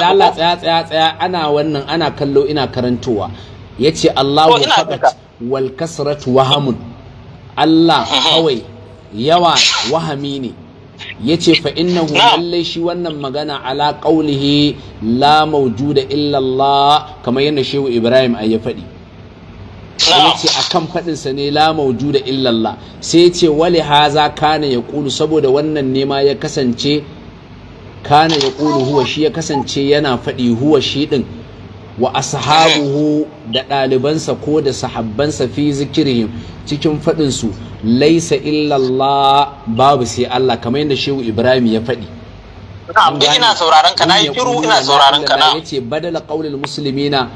lala Allah tsaya tsaya tsaya ana wannan ana kallo ina karantowa yace Allahu faqat oh, wal kasrat wahamun Allah kawai yawa wahami ne yace fa innahu lallai shi wannan magana ala qaulihi la mawjuda illa Allah kamar yadda Shehu Ibrahim ay ya faɗi yace akan fadin sa ne la mawjuda illa Allah sai yace wali haza kana yaqulu saboda wannan nema ya kasance kana ya ƙulu huwa shi ya kasance yana faɗi huwa shi ɗin wa ashabuhu da ɗalibansa ko da sahabbansa fi zikirihim cikin faɗinsu laisa illallah babu sai Allah kamar yadda shehu Ibrahim ya faɗi ina sauraron ka na yi ina sauraron ka na yace badala qaulil musulmina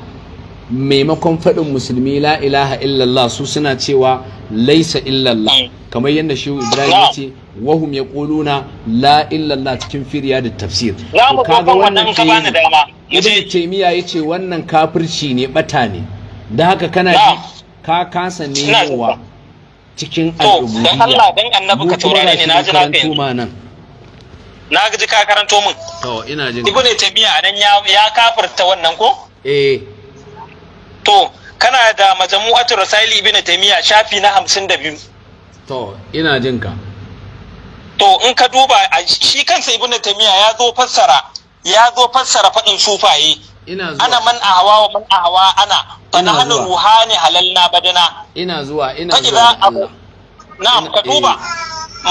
maimakon faɗin musulmi la ilaha illallah su suna cewa laisa illallah mm. kamar yadda shi ibrahim ya ce wahum ya ƙuluna la illallah cikin firiya da tafsir to kaga wannan ibn taymiya ya ce wannan kafirci ne bata ne da haka kana ji ka kasa yawa cikin al'ubudiyya mu kuma ga shi karanto ma nan na ji ka karanto min to ina jin ibn taymiya ya kafirta wannan ko eh to kana da majamu majamu'atu rasaili ibn taymiya shafi na hamsin da biyu to ina jin ka to in ka duba shi kansa ibn taymiya ya zo fassara ya zo fassara faɗin sufaye ana man ahawa wa man ahawa ana fa na hanu halal na badana ina zuwa ina zuwa Na, ka eh. duba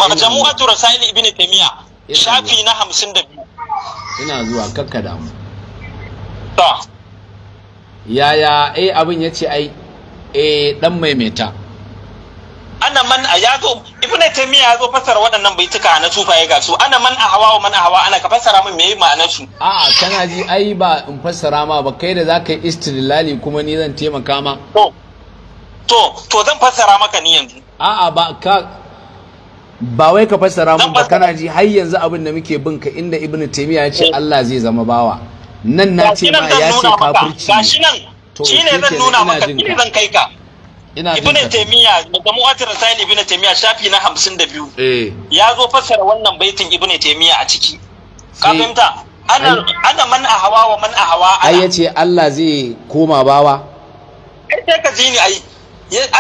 majamu'atu rasaili ibn taymiya shafi na hamsin da biyu ina zuwa kakka damu yaya eh abin ya ce ai eh dan maimaita ana man a yazo ibn taymiya yazo fasara waɗannan baituka na sufaye ga su ana man a hawa wa man a hawa ana ka fasara min meye ma'anar su a'a kana ji ai ba in fasara ma ba kai da zaka yi istidlali kuma ni zan taimaka ma to to to zan fasara maka ni yanzu a'a ba ka ba wai ka fasara mun ba kana ji har yanzu abin da muke bin ka inda ibn taymiya ya ce eh. Allah zai zama bawa nan na ce ma ya ce kafirci gashi nan shi ne zan nuna maka shi ne zan kai ka ibn taymiya daga mu'atir rasail ibn taymiya shafi na 52 eh ya zo fassara wannan baitin ibn taymiya a ciki ka fahimta ana ana man ahawa wa man ahawa ai yace Allah zai koma bawa ai sai ka ji ni ai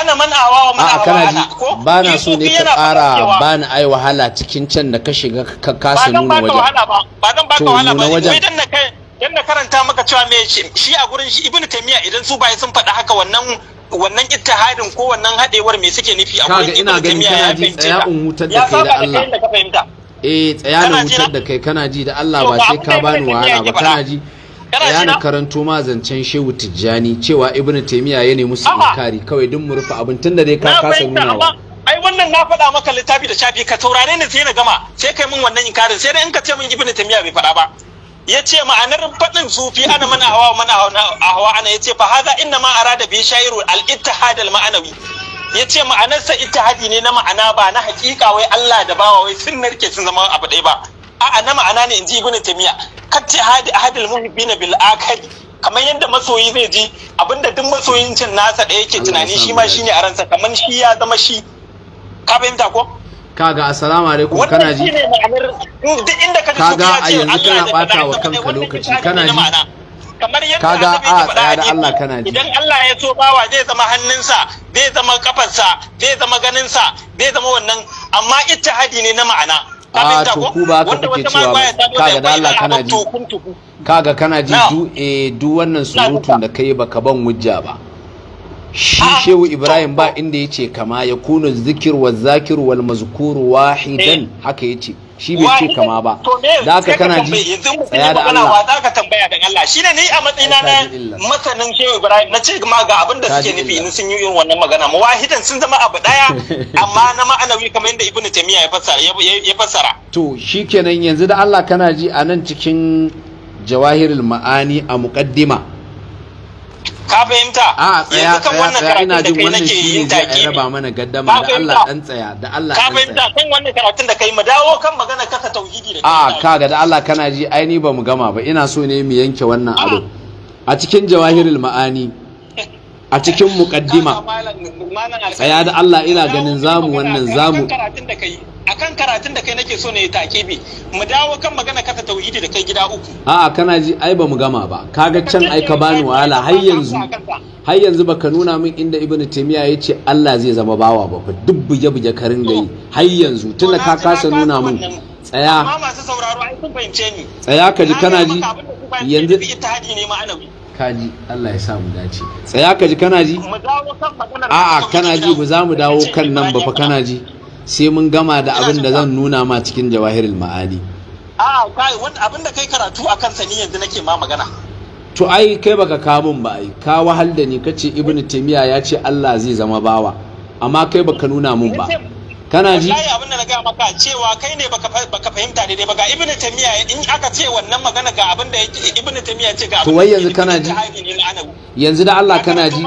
ana man ahawa wa man ahawa ana ko ba na so ne ka fara ba na ai wahala cikin can da ka shiga ka kasa nuna wajen ba zan baka wahala ba ba zan baka wahala ba idan na kai dan na karanta maka cewa me shi a gurin shi ibnu taymiya idan su bai sun faɗa haka wannan wannan ittihadin ko wannan hadewar me suke nufi a gurin ibnu taymiya ya tsaya ya umutar da kai da Allah eh tsaya na wutar da kai kana ji da Allah ba sai ka bani wahala ba kana ji ya na karanto ma zancen shehu tijjani cewa ibnu taymiya ya nemi su inkari kawai dun mu rufe abin tunda dai ka kasa nunawa ai wannan na faɗa maka littafi da shafi ka taurare ni sai na gama sai kai min wannan inkarin sai dai in ka ce min ibnu taymiya bai faɗa ba ya ce ma'anar faɗin sufi ana mana hawa mana hawa ana ya ce fa haza inna ma da bi shairu al ittihad al ma'anawi ya ce ma'anar ma'anarsa ittihadi ne na ma'ana ba na hakika wai Allah da bawa wai sun narke sun zama abu ɗaya ba a'a na ma'ana ne inji ibnu taymiya kattihadi ahadul muhibbina bil akali kamar yadda masoyi zai ji abinda duk masoyin cin nasa ɗaya yake tunani shi ma shine a ransa kamar shi ya zama shi ka fahimta ko kaga assalamu alaikum kana ji kaga a yanzu kana bata wa kanka lokaci kana ji kaga a tsaya da Allah kana ji idan Allah ya so bawa zai zama hannunsa zai zama kafarsa zai zama ganinsa zai zama wannan amma ittihadi ne na ma'ana a to ku ba ka kuke cewa kaga da Allah kana ji kaga kana ji duk eh duk wannan surutun da kai baka ban wujja ba shi ah. shehu ibrahim ba inda ya ce kama ya kuna zikir wa zakir wal mazkur wahidan eh. haka ya ce shi bai ce kama ba da haka kana ji tsaya da Allah wa za ka tambaya dan Allah shi ne ni a matsayina na masanin shehu ibrahim na ce ma ga abin da suke nufi in sun yi irin wannan magana mu wahidan sun zama abu daya amma na ma'anawi kamar yadda ibnu taymiya ya fassara ya fassara to shikenan yanzu da Allah kana ji a nan cikin jawahirul ma'ani a muqaddima ka fahimta a tsaya tsaya tsaya ina jin wannan shi ne zai raba mana gaddama da Allah dan tsaya da Allah ka fahimta kan wannan karatun da kai mu kan magana kasa tauhidi da a kaga da Allah kana ji ai ni ba gama ba ina so ne mu yanke wannan abu a cikin jawahirul ma'ani a cikin muqaddima tsaya da Allah ina ganin zamu wannan zamu karatun da kai akan karatun da kai nake so ne bi. mu dawo kan magana kata tauhidi da kai gida uku a'a kana ji ai ba mu gama ba kaga can ai ka bani wahala har yanzu har yanzu baka nuna min inda ibnu taymiya yace Allah zai zama bawa ba fa duk buge buge karin gayi har yanzu tunda ka kasa nuna min tsaya amma masu sauraro ai sun fahimce ni tsaya ka ji kana ji yanzu ittihadi ne ma'anawi kaji Allah ya samu dace tsaya ka ji kana ji a'a kana ji ba za mu dawo kan nan ba fa kana ji sai mun gama da abin da zan nuna ma cikin jawahirul ma'ani a kai wanda abin da kai karatu a kansa ni yanzu nake ma magana to ai kai baka kawo min ba ai ka wahal da ni kace ibnu taymiya ya ce Allah zai zama bawa amma kai baka nuna mun ba kana ji wallahi abin da na gaya maka cewa kai ne baka fahimta daidai ba ga ibnu tamiya in aka ce wannan magana ga abin da ibnu tamiya ce ga abin to wai yanzu kana ji yanzu da Allah kana ji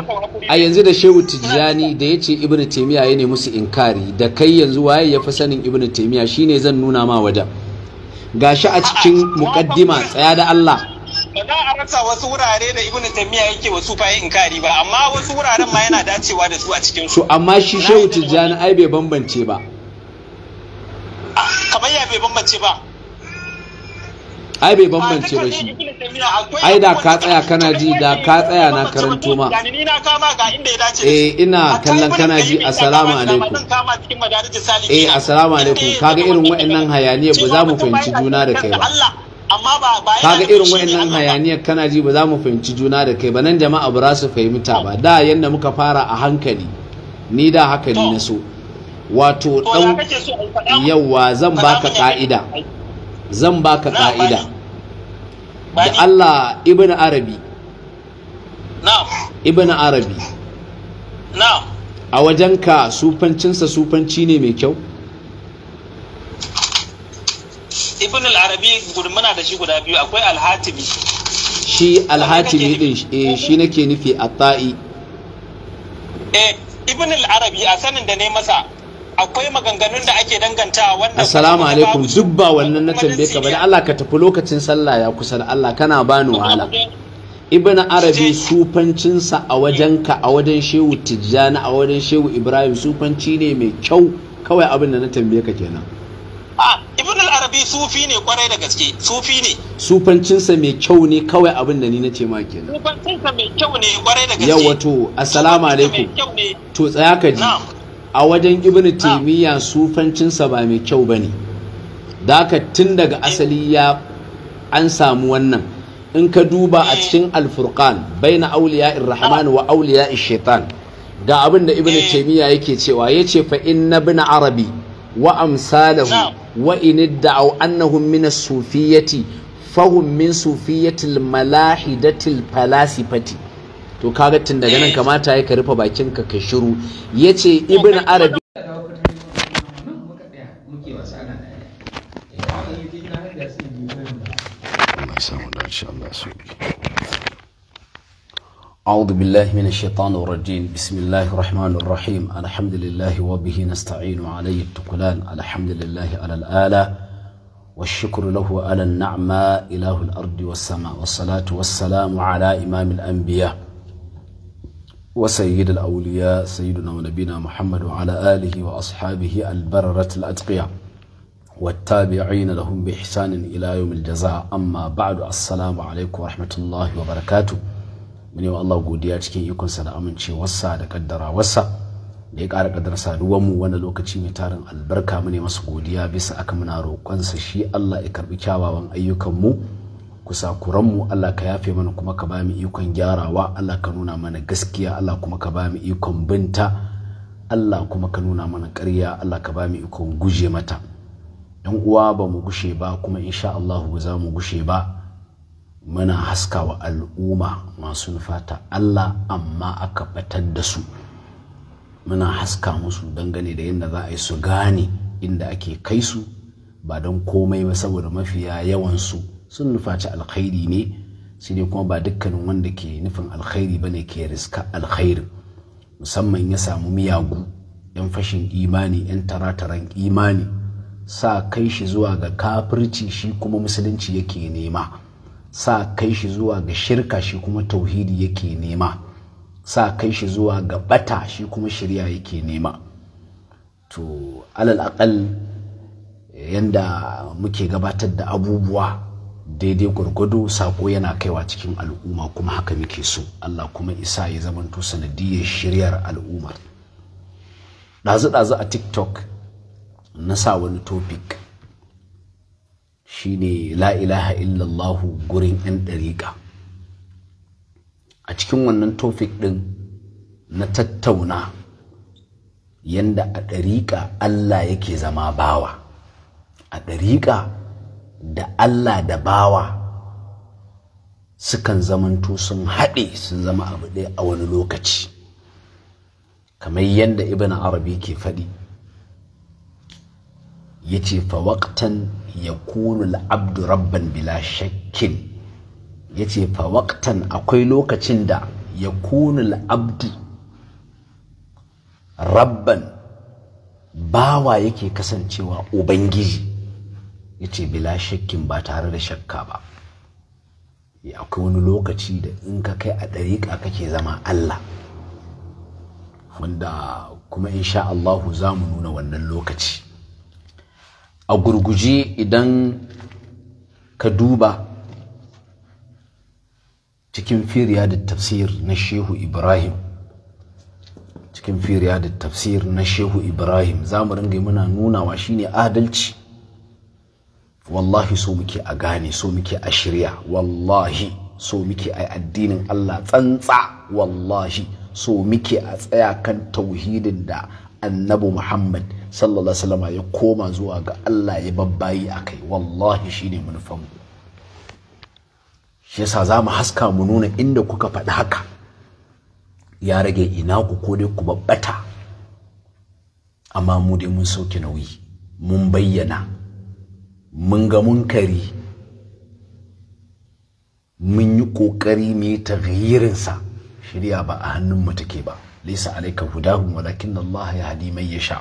a yanzu da Shehu Tijjani da yace ibnu tamiya ya ne musu inkari da kai yanzu waye ya fi sanin ibnu tamiya shine zan nuna ma wajen gashi a cikin muqaddima tsaya da Allah ba za a rasa wasu wurare da ibnu taymiya yake wasu fa inkari ba amma wasu wuraren ma yana dacewa da su a cikin su amma shi shehu tijjani ai bai bambance ba kamar ya bai bambance ba ai bai bambance ba shi ai da ka tsaya eh, kana ji da ka tsaya na karanto ma eh ina kallon kana ji assalamu alaikum eh assalamu alaikum kaga irin waɗannan hayaniya ba za mu fahimci juna da kai ba Ka ga kaga irin wayannan hayaniyar kana ji ba za mu fahimci juna da kai ba nan jama'a ba su fahimta ba da yadda muka fara a hankali ni da haka na so wato dan yawa zan baka ka'ida zan baka ka'ida da Allah ibn arabi ibn arabi a wajenka sufancinsa sufanci ne mai kyau ibn al-arabi muna da shi guda biyu akwai al-hatimi shi al-hatimi din eh, shi nake nufi a ta'i eh ibn al-arabi a sanin da ne masa akwai maganganun da ake dangantawa wannan assalamu alaikum duk ba wannan na tambaye ka bane Allah ka tafi lokacin sallah ya kusa da Allah kana bani wahala ibn arabi sufancinsa a wajenka a wajen shehu tijjani a wajen shehu ibrahim sufanci ne mai kyau kawai abin da na tambaye ka kenan bi sufi ne kwarai da gaske sufi ne sufancinsa mai kyau ne kawai abin da ni na ce maki ne sufancinsa mai kyau ne kwarai da gaske yawa to assalamu alaikum to tsaya ka ji a wajen ibn taymiya sufancinsa ba mai kyau bane da ka tun daga eh. asali ya an samu wannan in ka duba a eh. cikin alfurqan baina auliya irrahman wa auliya Shetan. ga abin da ibn eh. taymiya yake cewa yace fa inna bin arabi wa amsalahu wa in da'aw annahum min as-sufiyyati fahum min sufiyyatil malahidatil falasifati to kaga tun daga nan eh. kamata ya ka rufe bakin ka ka shiru yace ibin arabi ya da أعوذ بالله من الشيطان الرجيم بسم الله الرحمن الرحيم الحمد لله وبه نستعين عليه التكلان الحمد لله على الآلة والشكر له على النعمة إله الأرض والسماء والصلاة والسلام على إمام الأنبياء وسيد الأولياء سيدنا ونبينا محمد وعلى آله وأصحابه البررة الأتقياء والتابعين لهم بإحسان إلى يوم الجزاء أما بعد السلام عليكم ورحمة الله وبركاته mune wa Allah godiya cikin ikonsa da amincewarsa da kaddarawarsa da ya ƙara ƙadar saduwanmu wani lokaci mai tarin albarka mune masu godiya bisa aka muna roƙonsa shi Allah ya karɓi kyawawan ayyukanmu kusa kuranmu Allah ka yafe mana kuma ka bamu ikon gyarawa Allah ka nuna mana gaskiya Allah kuma ka bamu ikon binta Allah kuma ka nuna mana ƙarya Allah ka bamu ikon guje mata yan uwa ba mu gushe ba kuma insha Allah ba za mu gushe ba muna haska wa al'umma masu nufata Allah amma aka batar da su muna haska musu dangane da yadda za a yi su gane inda ake kai su ba don komai ba saboda mafiya yawansu sun nufaci alkhairi ne sai dai kuma ba dukkanin wanda ke nufin alkhairi ba ne ke riska alkhairi musamman ya samu miyagu 'yan fashin imani 'yan tarataran imani sa kai shi zuwa ga kafirci shi kuma musulunci yake nema sa kai shi zuwa ga shirka shi kuma tauhidi yake nema sa kai shi zuwa ga bata shi kuma shirya yake nema to alal aqal yanda muke gabatar da abubuwa daidai gwargwado sako yana kaiwa cikin al'umma kuma haka muke so Allah kuma isa ya zamanto sanadiyar shiryar al'umma ɗazu-ɗazu a tiktok na sa wani topic shine la ilaha illallahu gurin 'yan ɗariƙa a cikin wannan tofik ɗin na tattauna yanda a ɗariƙa Allah yake zama bawa a ɗariƙa da Allah da bawa sukan zamantu sun haɗe sun zama abu ɗaya a wani lokaci kamar yadda ibn arabi ke faɗi ya ce fawaktan ya kunu abdu rabban bila shakkin ya ce fawaktan akwai lokacin da ya kunu abdu rabban bawa yake kasancewa ubangiji ya ce bila shakkin ba tare da shakka ba akwai wani lokaci da in ka kai a ɗariƙa kake zama Allah wanda kuma insha Allahu za mu nuna wannan lokaci a gurguje idan ka duba cikin firiya da tafsir na shehu ibrahim cikin firiya da tafsir na shehu ibrahim za mu ringa muna nunawa shine adalci wallahi so muke a gane so muke a shirya wallahi so muke a addinin allah tsantsa wallahi so muke a tsaya kan tauhidin da annabi muhammad sallallahu salama ya koma zuwa ga Allah ya babbayi a kai wallahi shi ne manufanmu shi yasa za mu haska mu nuna inda kuka faɗi haka ya rage ina ku ko dai ku babbata amma mu dai mun sauke nauyi mun bayyana mun ga mun kari mun yi ƙoƙari mai yi shirya ba a hannun mu take ba laisa alaika hudahum walakin Allah ya hadi mai yasha'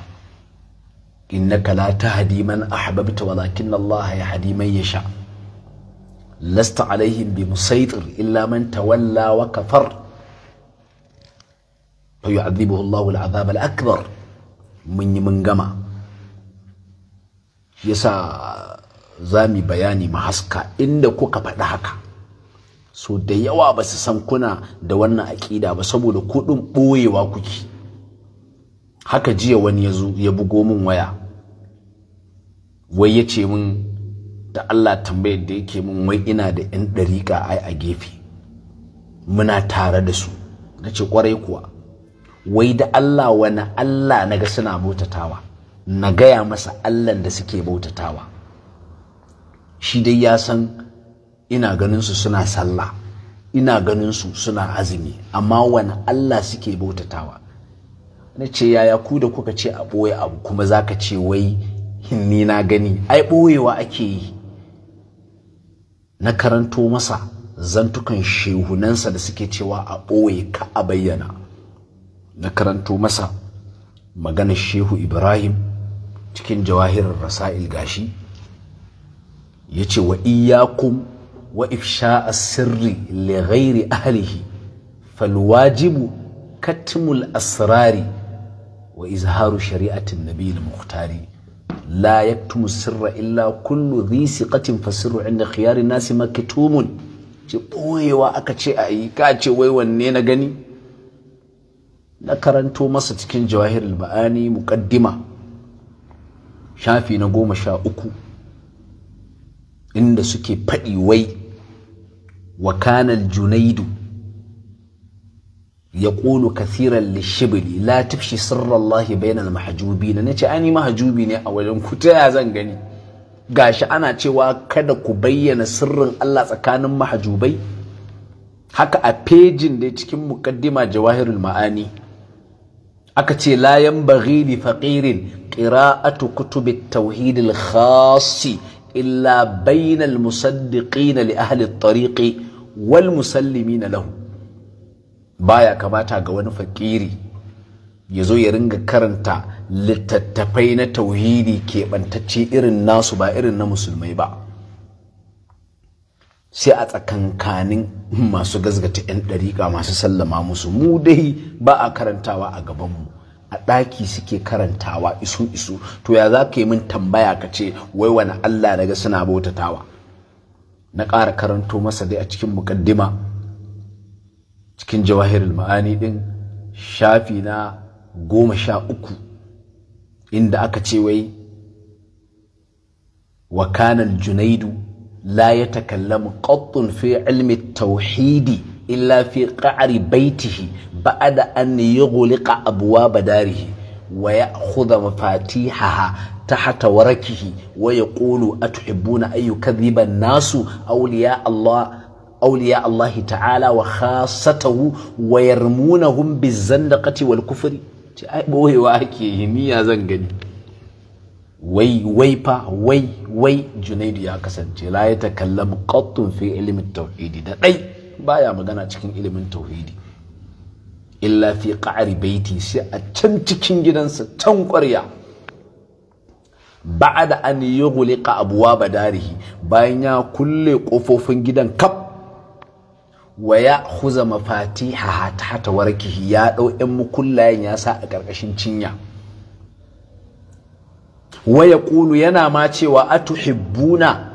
innaka la tahdi man ahbabta walakin Allah yahdi man yasha lasta alaihim bi musaitir illa man tawalla wa kafar fayu'adhibuhu Allah al'adhab al'akbar mun yi mun gama yasa zami bayani mahaska inda kuka faɗi haka so da yawa ba su san kuna da wannan aƙida ba saboda kuɗin ɓoyewa kuke haka jiya wani ya bugo min waya wai ya ce min da Allah tambayar da yake min wai ina da 'yan ɗariƙa ai a gefe muna tare da su na ce ƙwarai kuwa wai da Allah wani Allah na ga suna bautatawa na gaya masa Allah da suke bautatawa shi dai ya san ina ganin su suna sallah ina ganin su suna azumi amma wani Allah suke bautatawa na ce yaya ku da kuka ce a ɓoye abu kuma za ka ce wai hinni na gani ai ɓoyewa ake yi na karanto masa zantukan shehunansa da suke cewa a ɓoye ka a bayyana na karanto masa maganar shehu ibrahim cikin jawahirar rasa'il gashi ya ce wa iyakun wa ifsha'a sirri li ghairi ahlihi falwajibu katimul asrari wa izharu shari'atin Nabi da mukhtari la sirra illa kullu dhi siqatin fasirru inda khiyari nasi maktumun ce boyewa aka ce a yi ka ce wai wanne na gani na karanto masa cikin jawahirul ma'ani muqaddima shafi na goma sha uku inda suke faɗi wai wakanal kanal junaidu yaqulu kasiran lishibli la tufshi sirrallahi bainal mahjubin nace ani mahjubi ne a wajen ku zan gani gashi ana cewa kada ku bayyana sirrin Allah tsakanin mahjubai haka a pejin da ya cikin mukaddima jawahirul ma'ani aka ce "Layan yanbaghi faƙirin ƙira'atu qira'atu kutubit tauhidil khassi illa bainal musaddiqin li ahli at-tariqi wal musallimina lahu baya kamata ga wani fakiri ya zo ya ringa karanta littattafai na tauhidi keɓantacce irin nasu ba irin na musulmai ba sai a tsakankanin masu gazgata 'yan ɗariƙa masu sallama musu mu dai ba a karantawa a gabanmu a ɗaki suke karantawa isu isu to ya za ka yi min tambaya ka ce wai wani allah daga suna bautatawa na ƙara karanto masa dai a cikin muƙaddima cikin jawahirul ma'ani din shafi na goma sha uku inda aka ce wai wa kana junaidu la yatakallamu qattun fi ilmi tauhidi illa fi qa'ri baitihi ba'da an yughliqa abwaba darihi wa ya'khudha mafatihaha tahta warakihi wa yaqulu atuhibbuna an yukadhiba an-nasu awliya Allah awliya Allah ta'ala wa khassatahu wa yarmunahum bizandaqati wal kufri ce ai boyewa ake himiya zan gani wai wai fa wai wai Junaidu ya kasance la ya takallamu qattun fi ilmin tauhidi da dai baya magana cikin ilimin tauhidi Ila fi qa'ri baiti sai a can cikin gidansa can ƙwarya ba'ada an yughliqa abwaba darihi bayan ya kulle kofofin gidan kaf wa ya huza mafati hata warki ya ɗau ‘yan mukullayen ya sa a ƙarƙashin cinya wa ya ƙulu yana ma cewa a tuhibbuna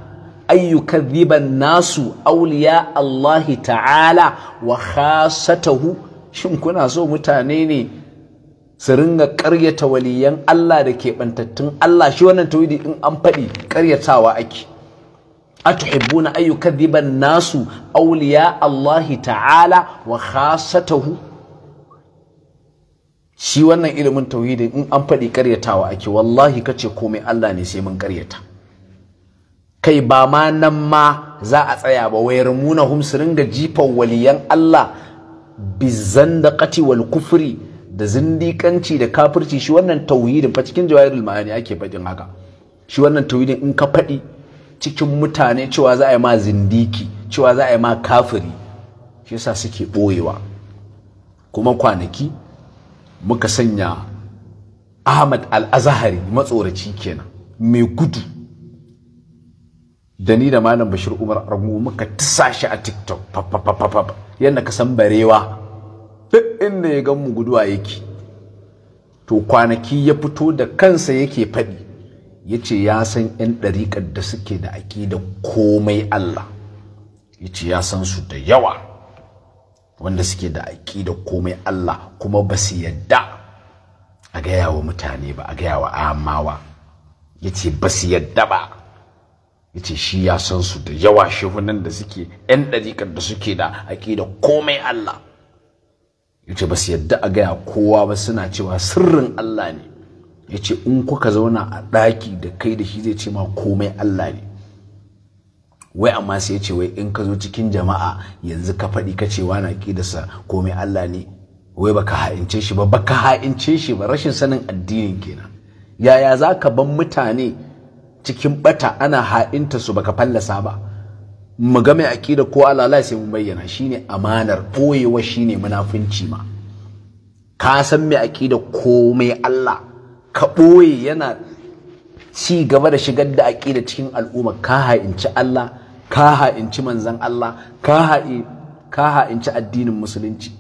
ayyukaziban nasu auliya Allahi ta'ala wa khasatahu shin kuna so mutane ne su ringa ƙaryata waliyan Allah da keɓantattun Allah shi wannan tawidi in an faɗi ƙaryatawa ake atuhibbuna an yukadhiba nasu awliya Allah ta'ala wa khassatahu shi wannan ilimin tauhidin in an faɗi ƙaryatawa ake wallahi kace komai Allah ne sai mun ƙaryata kai ba ma nan ma za a tsaya ba wayar muna su ringa jifan waliyan Allah bizan da wal kufri da zindikanci da kafirci shi wannan tauhidin fa cikin jawahirul ma'ani ake faɗin haka shi wannan tauhidin in ka faɗi cikin mutane cewa za a yi ma zindiki cewa za a yi ma kafiri shi yasa suke ɓoyewa kuma kwanaki muka sanya ahmad al-azahari matsoraci kenan mai gudu da ni da malam bashir umar argungu muka tisa shi a tiktok yadda ka san barewa duk inda ya gan mu guduwa yake to kwanaki ya fito da kansa yake faɗi ya ce ya san 'yan ɗariƙar da suke da da komai Allah ya ce ya san su da yawa wanda suke da da komai Allah kuma ba su yadda a gaya wa mutane ba a gaya wa amawa ya ce ba su yadda ba ya ce shi ya san su da yawa shehunan da suke 'yan ɗariƙar da suke da da komai Allah ya ce ba su yadda a gaya kowa ba suna cewa sirrin Allah ne ya ce in kuka zauna a ɗaki da kai da shi zai ce ma komai Allah ne wai amma sai ya ce wai in ka zo cikin jama'a yanzu ka faɗi ka ce na ƙidarsa komai Allah ne wai baka ha'ince shi ba baka ha'ince shi ba rashin sanin addinin kenan yaya za ka ban mutane cikin bata ana ha'inta su baka fallasa ba mu ga mai aƙida ko alala sai mu bayyana shine amanar ɓoyewa shine munafunci ma ka san mai aƙida komai Allah ka ɓoye yana ci gaba da shigar da aƙida cikin al'umma ka ha'inci Allah ka ha'inci manzan Allah ka ha'inci addinin musulunci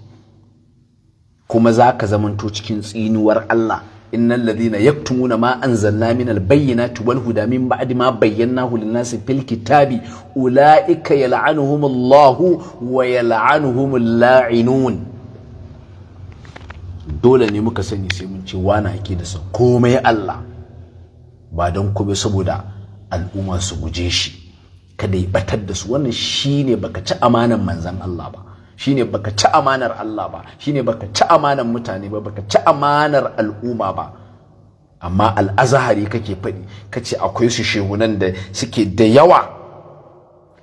kuma za ka zamanto cikin tsinuwar Allah innal ladina yaktumuna ma anzalna min albayyinati wal huda min ba'di ma bayyanahu lin-nasi fil kitabi ulaika yal'anuhumullahu wa yal'anuhumul la'inun dole ne muka sani sai mun ce wani ake da sa komai Allah ba don kube saboda al'umma su guje shi kada ya batar da su wannan shine baka ci amanar manzan Allah ba shine baka ci amanar Allah ba shine baka ci amanar mutane ba baka ci amanar al'umma ba amma al'azahari kake faɗi kace akwai su shehunan da suke da yawa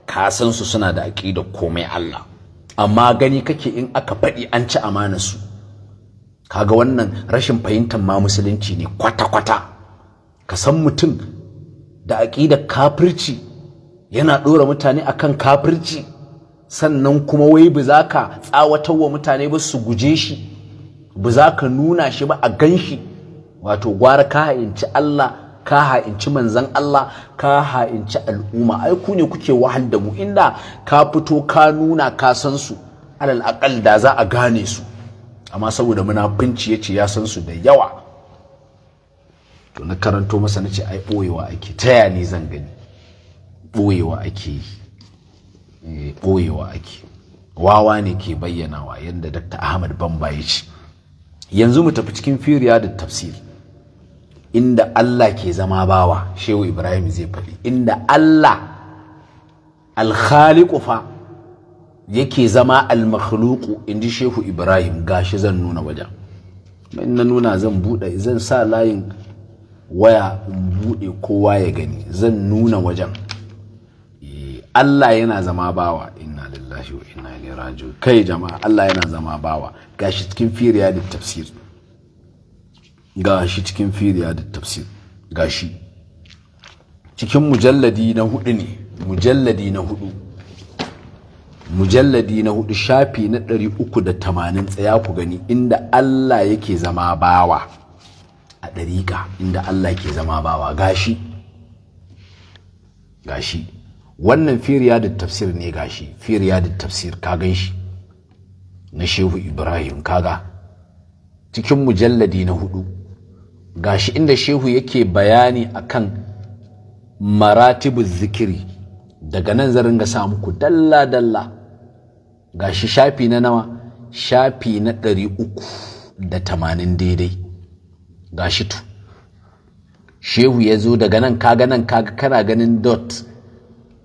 ka san su suna da aƙidar komai Allah amma gani kake in aka faɗi an ci amanar su kaga wannan rashin fahimtar ma musulunci ne kwata-kwata ka san mutum da aƙidar kafirci yana ɗora mutane akan kafirci sannan kuma wai ba za ka tsawatar wa mutane ba su guje shi ba za ka nuna shi ba a gan shi wato gwara ka ha'inci Allah ka ha'inci manzan Allah ka ha'inci al'umma ai ku ne kuke wahal da mu inda ka fito ka nuna ka san su alal da za a gane su amma saboda binci ya ce ya san su da yawa to na karanto masa na ce ai ɓoyewa ake taya ni zan gani ɓoyewa ake yi eh, ɓoyewa ake wawa ne ke bayyanawa yadda dr ahmad bamba ya ce yanzu mu tafi cikin firiya da tafsir inda allah ke zama bawa shehu ibrahim zai faɗi inda allah alkhaliku fa yake zama almakhluqu inji shehu ibrahim gashi zan nuna wajen mai na nuna zan bude zan sa layin waya in bude kowa ya gani zan nuna wajen eh, Allah yana zama bawa inna lillahi wa inna ilaihi raji'un kai jama'a Allah yana zama bawa gashi cikin firiya da tafsir gashi cikin firiya da tafsir gashi cikin mujalladi na hudu ne mujalladi na hudu mujalladi na hudu shafi na ɗari uku da tamanin tsaya ku gani inda Allah yake zama bawa a ɗariƙa inda Allah ke zama bawa gashi gashi wannan firiya da tafsir ne gashi firiya da tafsir ka gan shi na shehu ibrahim kaga cikin mujalladi na hudu gashi inda shehu yake bayani akan maratibu zikiri daga nan zarin ga samu ku dalla-dalla gashi shafi na nawa shafi na ɗari uku da tamanin daidai gashi tu shehu ya zo daga nan kaga nan kaga kana ganin dot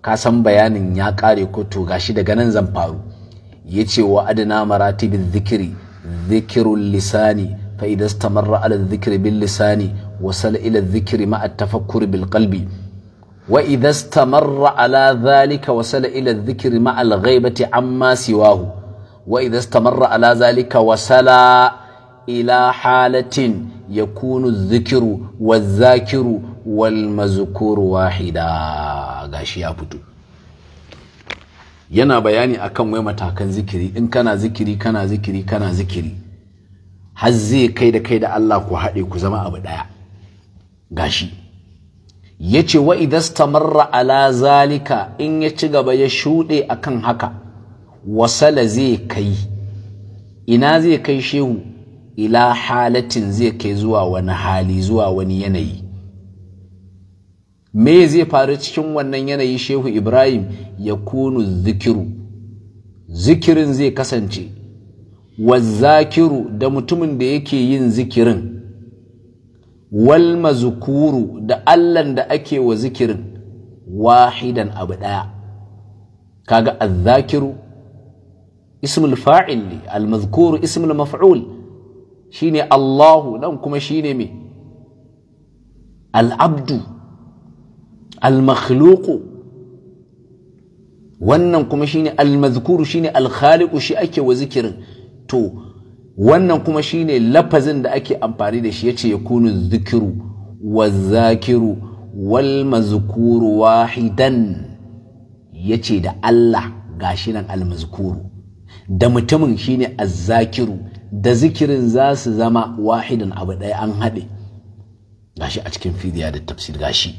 ka san bayanin ya ƙare ko to gashi daga nan zan faru ya ce wa adana maratibin zikiri zikirun lisani fa idan stamarra ala zikiri bin lisani wasal ila zikiri ma'a tafakkur bil qalbi وإذا استمر على ala وصل wasala ila مع ma عما سواه amma siwahu على ذلك وصل ala حالة wasala ila halatin yakunu واحدا wadh-dhakiru wal yana bayani akan wai matakan zikiri in kana zikiri kana zikiri kana zikiri har zai kai da kai da Allah ku haɗe ku zama abu ɗaya gashi ya ce wa idastamarra ala zalika in ya ci gaba ya shuɗe a kan haka wasala zai kai ina zai kai shehu ila halatin zai kai zuwa wani hali zuwa wani yanayi me zai faru cikin wannan yanayi shehu ibrahim ya kunu zikiru zikirin zai kasance wa zakiru da mutumin da yake yin zikirin wal mazkuru da allan da ake wa zikirin wahidan abu ɗaya kaga azzakiru dhakiru ismul fa'il ne al ismul maf'ul shine Allahu nan kuma shine me al-abdu al-makhluqu wannan kuma shine al shine al shi ake wa zikirin to wannan kuma shine lafazin da ake amfani da shi ya yace kunu zikiru wa zakiru wal mazkuru wahidan ce da Allah shi nan al da mutumin shine azzakiru da zikirin za su zama wahidan abu ɗaya an haɗe gashi a cikin fidiya da tafsir gashi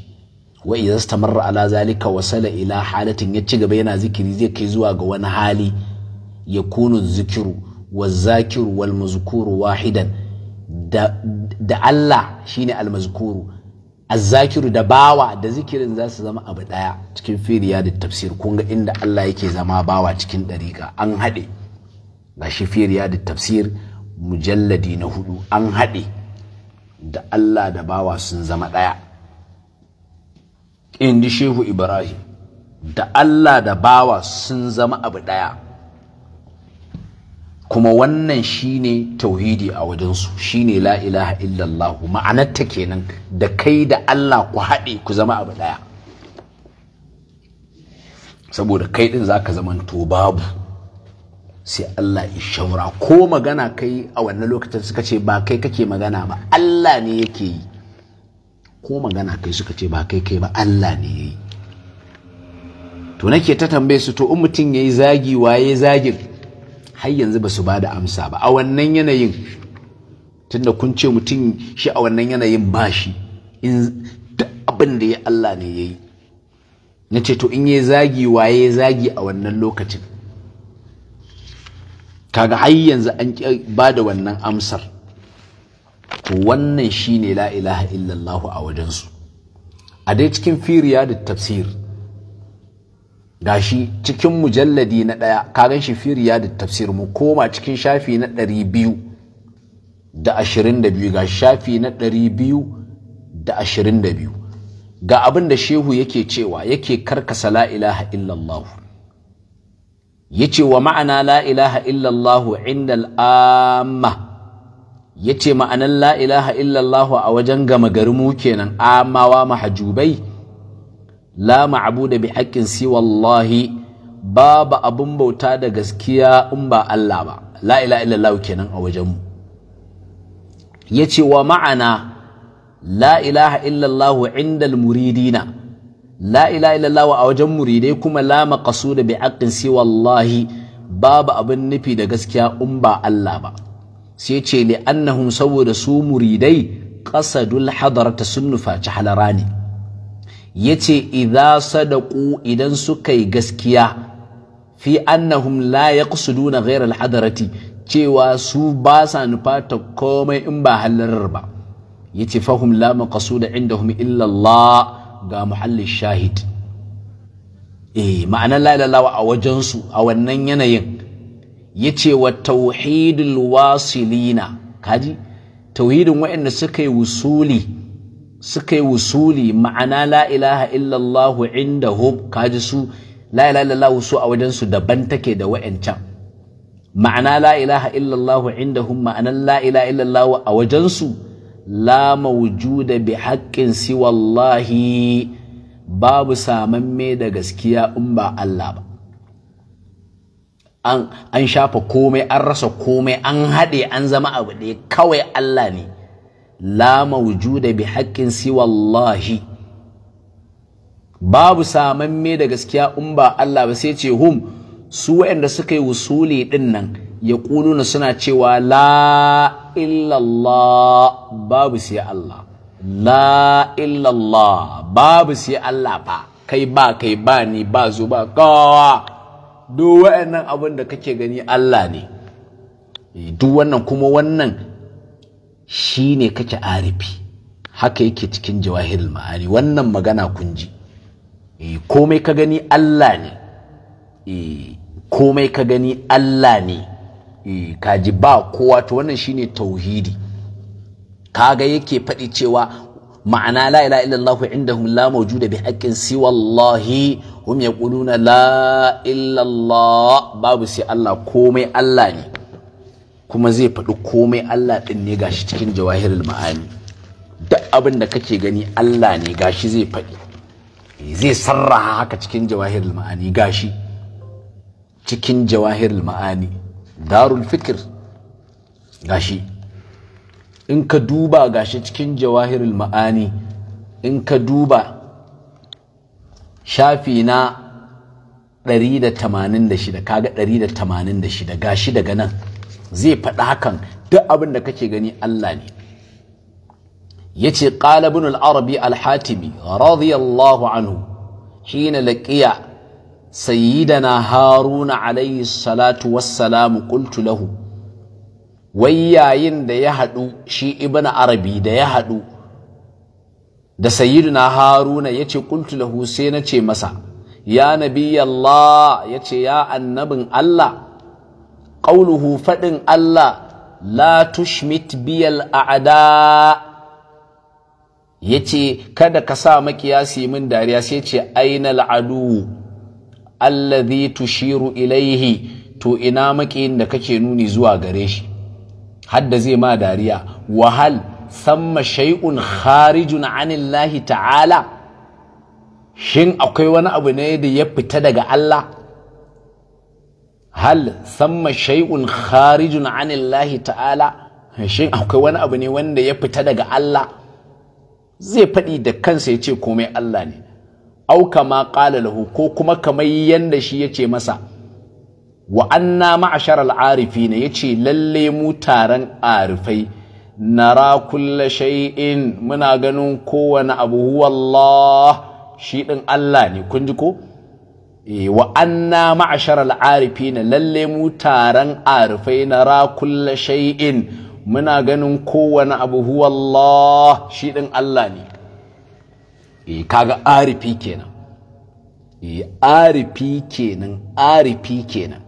wa idza istamarra ala zalika wasala ila halatin ya ci gaba yana zikiri zai kai zuwa ga wani hali yakunu zikiru والذاكر والمذكور واحدا da Allah shine almazkuru Zakiru da bawa da zikirin za su zama abu daya cikin firiya da tafsir kun ga inda Allah yake zama bawa cikin dariƙa an haɗe ga shi firiya da tafsir mujalladi na hudu an haɗe da Allah da bawa sun zama daya indi shehu ibrahim da Allah da bawa sun zama abu daya kuma wannan shine tauhidi a wajensu shine la ilaha illallah ma'anarta kenan da kai da Allah ku haɗe ku zama abu ɗaya saboda kai ɗin za ka zama to babu sai Allah ya shaura ko magana kai a wannan lokacin suka ce ba kai kake magana ba Allah ne yake yi ko magana kai suka ce ba kai kai ba Allah ne ya yi to nake ta tambaye su to in mutum ya yi zagi waye zagin har yanzu ba su ba da amsa ba a wannan yanayin tunda kun ce mutum shi a wannan yanayin ba shi in abin da ya Allah ne ya yi na ce to in ya zagi waye zagi a wannan lokacin kaga har yanzu an ba da wannan amsar to wannan shine la ilaha illallahu a wajensu a dai cikin firiya da tafsir gashi cikin mujalladi na ɗaya kagan shi firiya da tafsir mu koma cikin shafi na ɗari biyu da ashirin da biyu ga shafi na ɗari biyu da ashirin da biyu ga abin da shehu yake cewa yake karkasa la ilaha illallah ya ce wa ma'ana la ilaha illallah inda al'amma ya ce ma'anan la ilaha illallah a wajen gama gari mu kenan amawa mahajubai la ma'budu bi haqqin siwallahi babu abun bauta da gaskiya in ba Allah ba la ilaha illallah kenan a wajen mu yace wa ma'ana la ilaha illallah inda muridina la ilaha illallah a wajen muridai kuma la maqsuda bi haqqin siwallahi babu abun nufi da gaskiya in ba Allah ba sai ce li annahum saboda su muridai qasadul hadarata sun nufaci halarani yace idza sadaqu idan suka yi gaskiya fi annahum la yaqsuduna ghayra al-hadarati cewa su ba sa nufata komai in ba halarar ba yace fahum la maqsuda indahum illa Allah ga muhallin shahid eh ma'ana lalalawa a wajen su a wannan yanayin yace wa tauhidul wasilina kaji tauhidin waɗanda suka yi wusuli suka yi wusuli ma'ana la ilaha illallah indahum kaji su la ilaha illallah su a wajen su daban take da wa'ancan ma'ana la ilaha illallah hub, ma'ana la ilaha illallah a wajen su la mawjuda bi haqqin wallahi, babu saman samamme da gaskiya in ba Allah ba an shafa komai an rasa komai an haɗe an zama abu ɗaya kawai Allah ne la maujuda bi haƙƙin siwallahi babu samamme da gaskiya in ba Allah ba sai ce hum su waɗanda suka yi wusuli ɗin nan ya ƙununa suna cewa la illallah babu sai Allah la illallah babu sai Allah ba kai ba kai ba ni ba zu ba kawa duk waɗannan abin da kake gani Allah ne duk wannan kuma wannan shi ne kake arifi haka yake cikin jawahirul ma'ani wannan magana kun ji eh, komai ka gani Allah ne eh, komai ka gani Allah ne eh, kaji ba kowa to wannan shi ne tauhidi kaga yake faɗi cewa ma'ana la ila Allahu, inda hun la mawjuda bi haƙƙin, siwallahi wallahi hum ya la Allah, babu sai Allah komai Allah ne kuma zai faɗi komai Allah ɗin ne gashi cikin jawahirul ma'ani duk abin da kake gani Allah ne gashi zai faɗi eh, zai sarraha haka cikin jawahirul ma'ani gashi cikin jawahirul ma'ani darul fikir gashi in ka duba gashi cikin jawahirul ma'ani in ka duba shafi na 186 kaga 186 gashi daga nan zai faɗi hakan duk abin da kake gani Allah ne yace ce ƙalabin arabi al-hatimi radiyallahu anhu hina laqiya na haruna alayhi salatu wassalamu qultu lahu yayin da ya haɗu shi ibn arabi da ya haɗu da na haruna yace ƙultu lahu sai ce masa ya ya ce ya annabin Allah ƙauluhu faɗin Allah la tushmit biyal a'ada ya ce kada ka sa makiyasi min dariya sai ce ainal adu allazi tushiru ilaihi to ina makiyin da kake nuni zuwa gare shi hadda zai ma dariya wahal samma shay'un kharijun lahi ta'ala shin akwai wani abu ne da ya fita daga Allah hal samma shay'un kharijun anillahi ta'ala shin akwai wani abu ne wanda ya fita daga Allah zai faɗi da kansa ya ce komai Allah ne Auka ma qala lahu ko kuma kamar yanda shi yace ce masa wa anna ma'ashar arifina yace lalle mu taron arifai nara kulle shay'in muna ganin kowane abu huwa shi din Allah ne kun ji ko Eh, wa anna ma'ashar al'arifi na lalle mu taron arifai na rakulla shai'in muna ganin kowane abu huwa Allah shi ɗin Allah ne eh, kaga arifi kenan eh, arifi kenan arifi kenan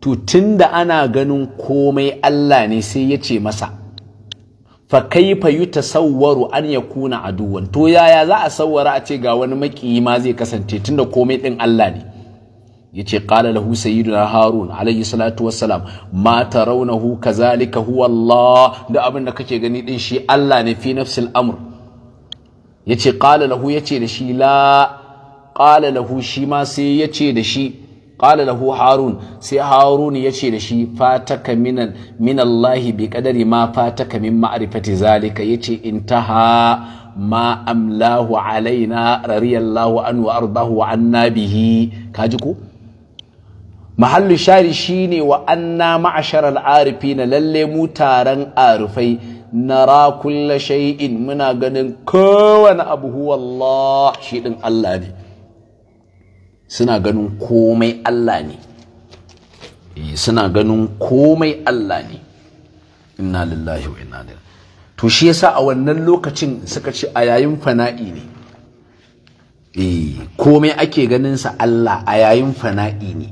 to tunda ana ganin komai Allah ne sai ya ce masa fa kaifa yutasawwaru an yakuna aduwan to yaya za a sawwara a ce ga wani makiyi ma zai kasance tunda komai din Allah ne yace qala lahu sayyiduna harun alayhi salatu wassalam ma tarawnahu kazalika huwa Allah da abin da kake gani din shi Allah ne fi nafsil amr yace qala lahu yace da shi la qala lahu shi ma sai yace da shi qala lahu harun sai harun ya ce da shi fataka minan min Allah bi qadari ma fataka min ma'rifati zalika yace intaha ma amlahu alaina radiyallahu anhu wa ardahu wa anna bihi kaji ko mahallu shari shine wa anna ma'ashar al'arifina lalle mu taron arifai nara kulla shay'in muna ganin kowane abu huwalla Allah shi din Allah ne suna ganin komai Allah ne eh, suna ganin komai Allah ne inna lillahi wa inna ilaihi to shi yasa a wannan lokacin suka ce a yayin fana'i ne eh komai ake ganin sa Allah a yayin fana'i ne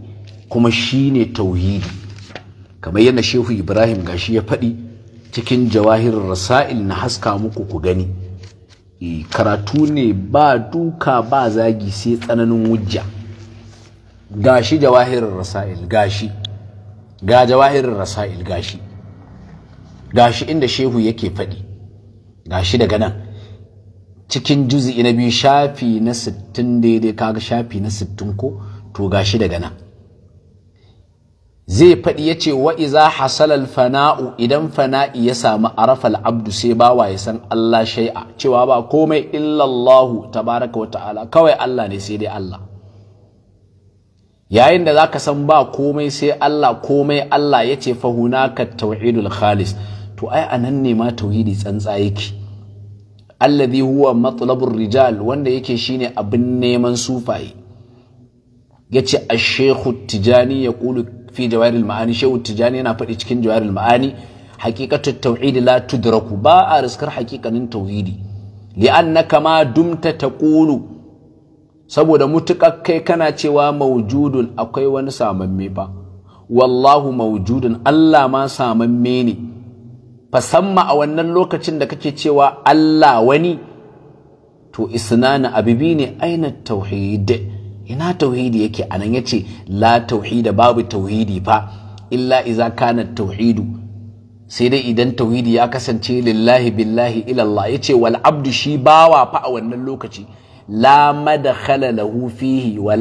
kuma shine tauhidi kamar yana Shehu Ibrahim gashi ya faɗi cikin jawahirin rasail na haska muku ku gani eh, karatu ne ba duka ba zagi sai tsananin wujja gashi jawahirin rasail gashi ga jawahirin rasail gashi gashi inda shehu yake faɗi gashi daga nan cikin juzi na biyu shafi na sittin daidai kaga shafi na sittin ko to gashi daga nan zai faɗi ya ce wa iza hasalal fana'u idan fana'i ya samu arafal abdu sai ba wa ya san Allah shai'a cewa ba komai illallahu tabaraka wa ta'ala kawai Allah ne sai dai Allah yayin da zaka san ba komai sai Allah komai Allah ya ce fa hunaka tauhidul khalis to ai anan ne ma tauhidi tsantsa yake alladhi huwa matlabur rijal wanda yake shine abin neman sufaye yace a shehu tijani ya kulu fi jawahirul ma'ani shaykhu tijani yana faɗi cikin jawahirul ma'ani haqiqatut tauhidi la tudraku ba a riskar haqiqanin tauhidi li'annaka ma dumta taqulu saboda mutuƙar kai kana cewa maujudun akwai wani samamme ba wallahu maujudun Allah ma samamme ne fasamma a wannan lokacin da kake cewa Allah wani to isnana abibi ne aina tauhid ina tauhidi yake anan yace la tauhida babu tauhidi fa illa iza kana tauhidu sai dai idan tauhidi ya kasance lillahi billahi ilallah yace wal abdu shi bawa fa a wannan lokaci la madakhala lahu fihi wa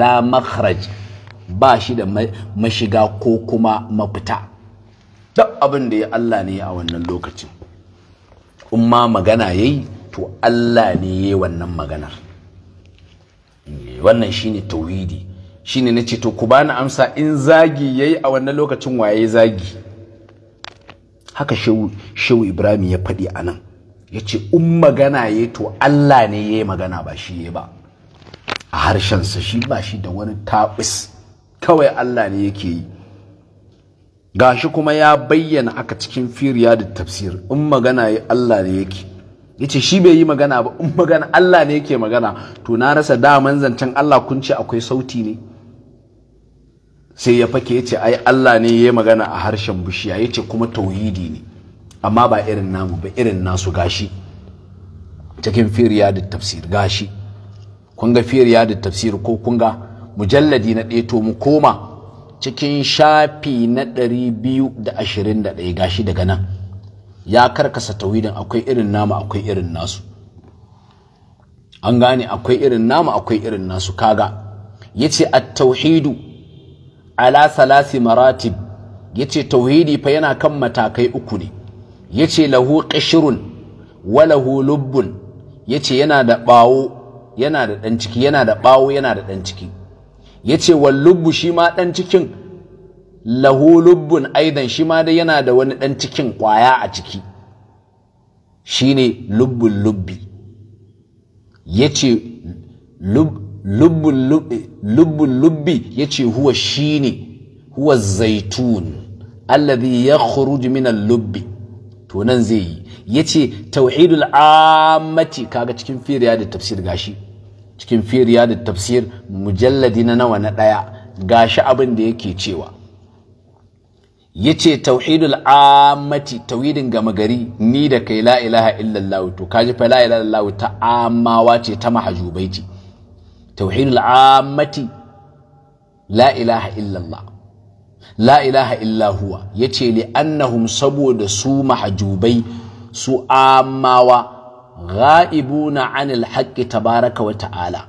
ba shi da mashiga ko kuma mafita duk abin da ya Allah ne a wannan lokacin in ma magana yayi to Allah ne yayi wannan maganar eh, wannan shine tauhidi shine nace to ku bani amsa in zagi yayi a wannan lokacin waye zagi haka shehu ibrahim ya faɗi anan ya ce in magana ya to Allah ne ya yi magana ba shi ya ba a harshensa shi ba shi da wani taɓis kawai Allah ne yake yi Ga shi kuma ya bayyana aka cikin firiya da tafsir in magana ya Allah ne yake ya ce shi bai yi magana ba in magana Allah ne yake magana to na rasa daman zancen Allah kun ce akwai sauti ne sai ya fake ya ce ai Allah ne ya yi magana a harshen bishiya ya ce kuma tauhidi ne amma ba irin namu ba irin nasu gashi cikin firiya da tafsir gashi kun ga firiya da tafsir ko kun ga mujalladi na ɗaya to mu koma cikin shafi na ɗari biyu da ashirin da ɗaya gashi daga nan ya karkasa tawhidin akwai irin namu akwai irin nasu an gane akwai irin namu akwai irin nasu kaga Ya ce a tauhidu ala salasi maratib ce tauhidi fa yana kan matakai uku ne yace lahu qishrun wa lahu lubbun yace yana da bawo yana da dan ciki yana da bawo yana da dan ciki yace wal lubbu shi ma dan cikin lahu lubbun aidan shi ma dai yana da wani dan cikin kwaya a ciki shine lubbul lubbi yace lubbul lubbi yace huwa shine huwa zaitun alladhi yakhruju min al-lubbi to nan zai yi yace tauhidul ammati kaga cikin firiya da tafsir gashi cikin firiya da tafsir mujalladi na nawa na daya gashi abin da yake cewa yace tauhidul ammati tauhidin gama gari ni da kai la ilaha illallah to kaji fa la ilaha illallah ta amawa ce ta mahajubai ce tauhidul ammati la ilaha illallah la ilaha illa huwa yace li annahum saboda su mahajubai su amawa ghaibuna anil haqqi tabaraka wa ta'ala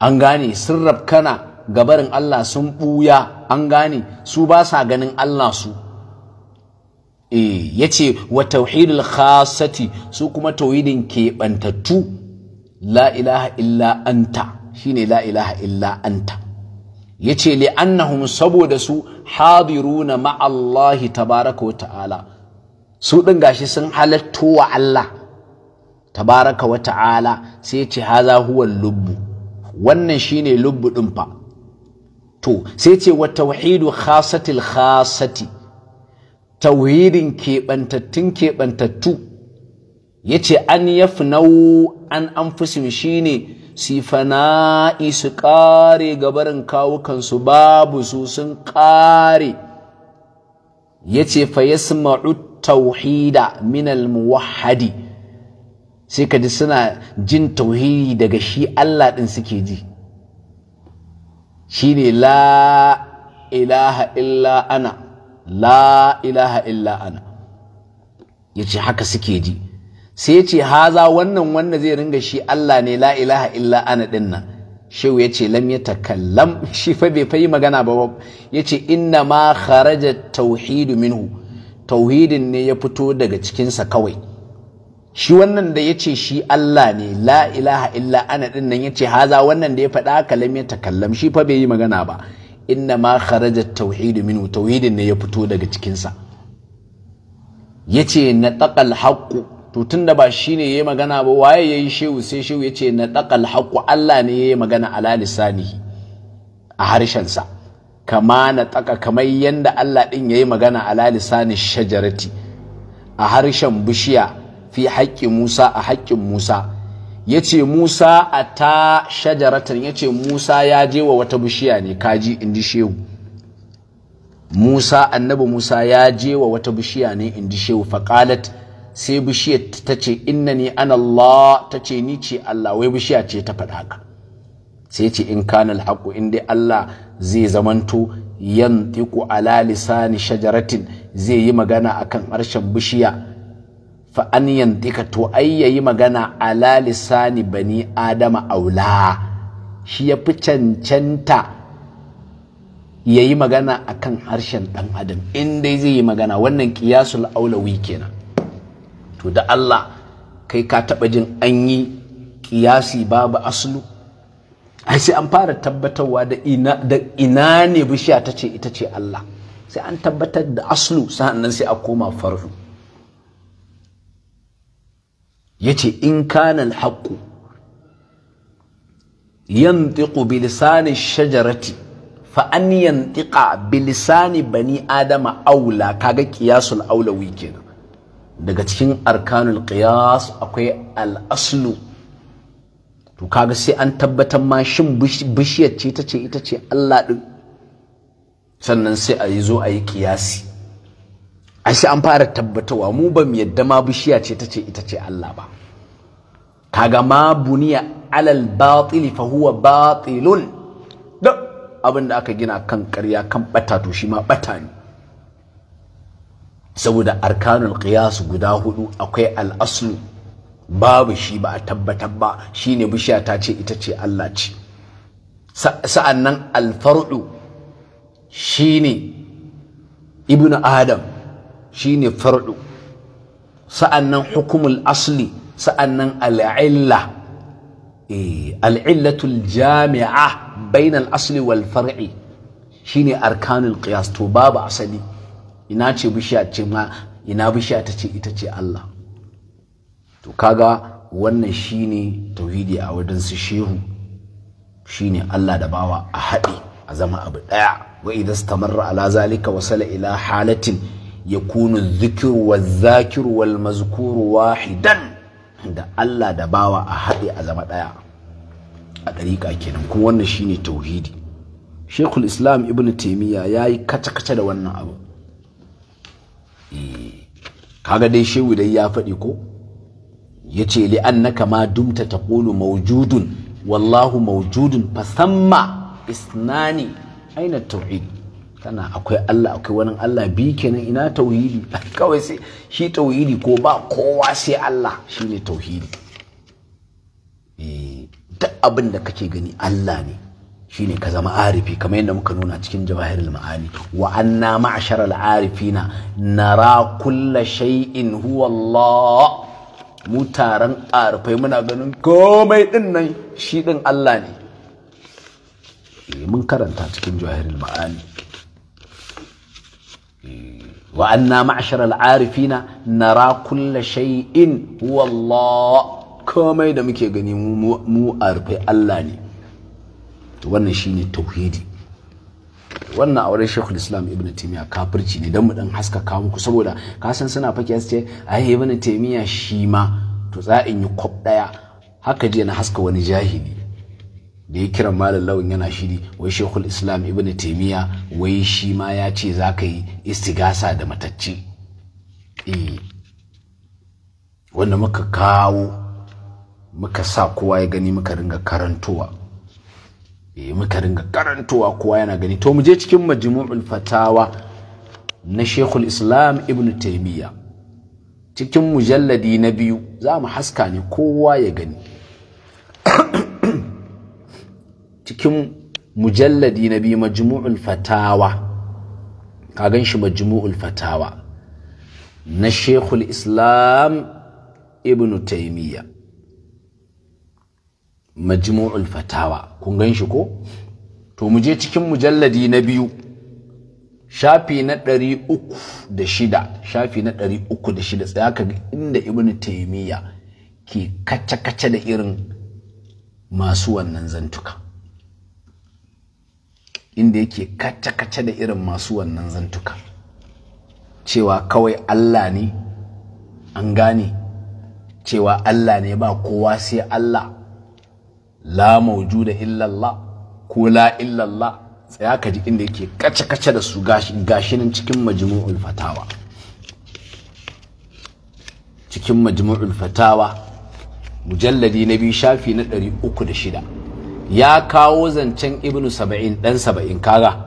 an gane sirrab kana gabarin Allah sun buya an gane su basa ganin Allah su eh yace wa tauhidul khassati su kuma tauhidin keɓantattu la ilaha illa anta shine la ilaha illa anta ya ce li'annahum saboda su hadiruna ma'allahi tabaraka wa ta'ala su ɗin gashi sun halatto wa Allah tabaraka wa ta'ala sai ya ce haza huwa lubbu wannan shine lubbu ɗin fa to sai ce wa tauhidu khasatil khasati tauhidin keɓantattun keɓantattu ya ce an yafnau an anfusim shine sifana'i su ƙare gabarin kawukan su babu su sun ƙare ya ce fa ya tauhida minal muwahadi sai ka suna jin tauhidi daga shi Allah ɗin suke ji shi ne la ilaha illa ana la ilaha illa ana ya ce haka suke ji sai ce haza wannan wanda zai ringa shi Allah ne la ilaha illa ana dinna shehu ya ce lam ya takallam shi fa bai fayi magana ba ya ce inna ma kharaja tauhidu minhu tauhidin ne ya fito daga cikinsa kawai shi wannan da ya ce shi Allah ne la ilaha illa ana dinnan ya ce haza wannan da ya faɗa ka lam ya takallam shi fa bai yi magana ba inna ma kharaja tauhidu minhu tauhidin ne ya fito daga cikinsa ya ce na taƙal haƙƙo to tunda ba shine yayi magana ba waye yayi shehu sai shehu yace na daqal haqqu Allah ne yayi magana ala lisanihi a harshen sa kama na taka kamar yadda Allah din yayi magana ala lisani shajarati a harshen bishiya fi haƙƙin Musa a haƙƙin Musa yace Musa a ta shajaratan yace Musa ya je wa wata bishiya ne kaji ji shehu Musa annabi Musa ya je wa wata bishiya ne ji shehu faqalat sai bishiya ta ce inna ni an Allah ta ce ni ce Allah wai bishiya ce ta faɗa haka sai ce in kanal haƙo in dai Allah zai zamanto tiku ala lisani shajaratin zai yi magana akan harshen bishiya fa an tika to ai yayi magana ala lisani bani adama aula shi ya fi cancanta ya yi magana a kan harshen ɗan adam in dai zai yi magana wannan ƙiyasul aulawi kenan to da Allah kai ka taɓa jin an yi kiyasi babu aslu ai sai an fara tabbatarwa da ina ne bishiya ta ce ita ce Allah sai an tabbatar da aslu sannan sai a koma farhu yace in kana alhaqu yantiqu bi lisani shajarati fa an yantiqa bi lisani bani adama aula kaga qiyasul aulawi kenan daga cikin arkanul qiyas akwai al'aslu to kaga sai an tabbatar ma shin bishiyar ce ta ita ce Allah din sannan sai a yi zo a yi kiyasi A shi an fara tabbatawa mu ba mu yadda ma bishiya ce ta ita ce Allah ba kaga ma buniya alal batil fa huwa batilun duk abin da aka gina kan ƙarya kan bata to shi ma bata ne saboda arkanul qiyas guda hudu akwai al'aslu babu shi ba a tabbatar ba shine bishiya ta ce ita ce Allah ce sa'annan shi ne ibnu adam shine far'u sa'annan hukumul asli sa'annan al'illa eh, al'illatul jami'a bainal asli wal far'i shine arkanul qiyas to babu asali ina ce bishiya ce ma ina bishiya ta ce ita ce Allah to kaga wannan shine tauhidi a wajen su shehu shine Allah da bawa a haɗe a zama abu ɗaya wa idan stamarra ala zalika wasala ila halatin kunu zikir wa zakiru wal mazkuru wahidan da Allah da bawa a haɗe a zama ɗaya a ɗariƙa kenan kuma wannan shine tauhidi shekul islam ibn taimiyya ya yi kace-kace da wannan abu Eh, kaga dai shehu dai ya faɗi ko ya ce annaka ma dumta taqulu mawjudun wallahu mawjudun fasamma isnani aina tauhid kana akwai Allah akwai wani Allah bi kenan ina tauhidi kawai sai shi tauhidi ko ba kowa sai Allah shine tauhidi eh duk abin da kake gani Allah ne shine ka zama arifi kamar yadda muka nuna cikin jawahirul ma'ani wa anna ma'ashar al arifina nara kulla shay'in huwa Allah mu taron arifai muna ganin komai din nan shi din Allah ne eh, mun karanta cikin jawahirul ma'ani eh, wa anna ma'ashar al arifina nara kulla shay'in huwa Allah komai da muke gani mu arifai Allah ne to wannan shine tauhidi wannan auren shekul islam ibn taimiyya kafirci ne don mu dan kawo muku saboda kasan suna fakiya su ce ai ibn taimiyya shi ma to za in yi kwab daya haka jiya na haska wani jahili da ya kiran malam lawan yana shiri wai shekul islam ibn taimiyya wai shi ma ya ce za ka yi istigasa da matacce eh wanda muka kawo muka sa kowa ya gani muka ringa karantowa e muka ringa karantowa kowa yana gani to muje cikin majmu'ul fatawa na Sheikhul Islam Ibn Taymiyyah cikin mujalladi na biyu za mu haska ne kowa ya gani cikin mujalladi na biyu majmu'ul fatawa ka gan shi majmu'ul fatawa na Sheikhul Islam Ibn Taymiyyah majmu'ul fatawa kun gan shi ko to mu je cikin mujalladi na biyu shafi na ɗari da shida shafi na ɗari uku da shida tsaya ka ga inda ibn taymiya ke kace-kace da irin masu wannan zantuka inda yake kace-kace da irin masu wannan zantuka cewa kawai Allah ne an gane cewa Allah ne ba kowa sai Allah la maujuda illallah ko la illallah tsaya ka ji inda yake kace-kace da su gashinin cikin majmu'ul fatawa cikin majmu'ul fatawa mujalladi na biyu shafi na shida ya kawo zancen ibnu saba'in dan saba'in kaga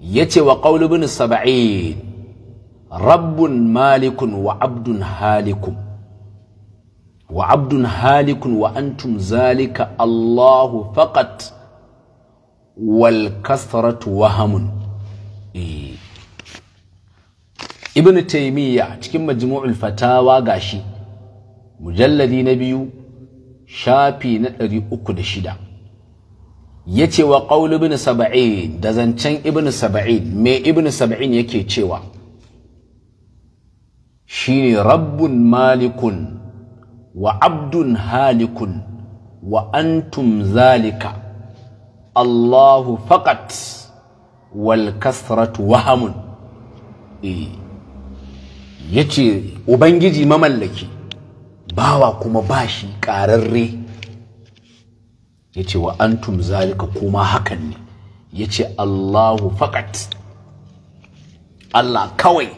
ya ce wa ƙaulu ibnu saba'in rabbun malikun wa abdun halikun wa abdun halikun wa antum zalika Allahu faqat wal kasratu wahamun eh. ibn taimiyya cikin majmu'ul fatawa gashi mujalladi na biyu shafi na ɗari uku da shida ya ce wa ƙaul ibn saba'in da zancen ibn saba'in me ibn saba'in yake cewa shine rabbun malikun wa abdun halikun wa antum zalika Allahu faqat wal kasratu wahamun e, yace ubangiji mamallaki bawa kuma bashi ƙararre yace wa antum zalika kuma hakan ne yace Allahu faqat Allah kawai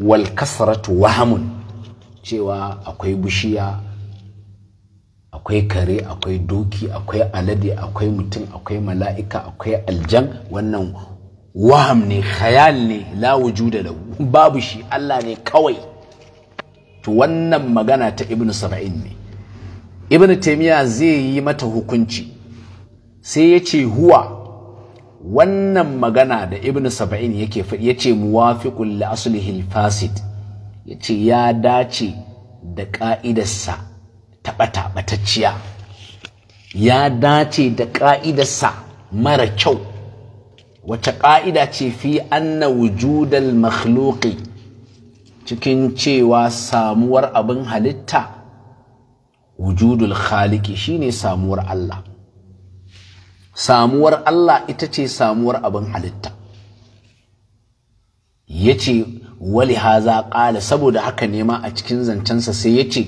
wal kasratu wahamun cewa akwai bishiya, akwai kare akwai doki akwai alade akwai mutum akwai mala'ika akwai aljan wannan waham ne khayal ne la wujuda da babu shi Allah ne kawai to wannan magana ta ibn saba'in ne ibn taimiyya zai yi mata hukunci sai ya ce huwa wannan magana da ibn saba'in yake faɗi ya ce muwafiqul li aslihi fasid ya ce ya dace da ka'idarsa taɓa-taɓatacciya ya dace da ƙa'idarsa mara kyau wace ƙa'ida ce fi anna wujudal makhluqi cikin cewa samuwar abin halitta wujudul khaliki shine samuwar Allah samuwar Allah ita ce samuwar abin halitta ya ce wali haza ƙala saboda haka nema a cikin zancensa sai ya ce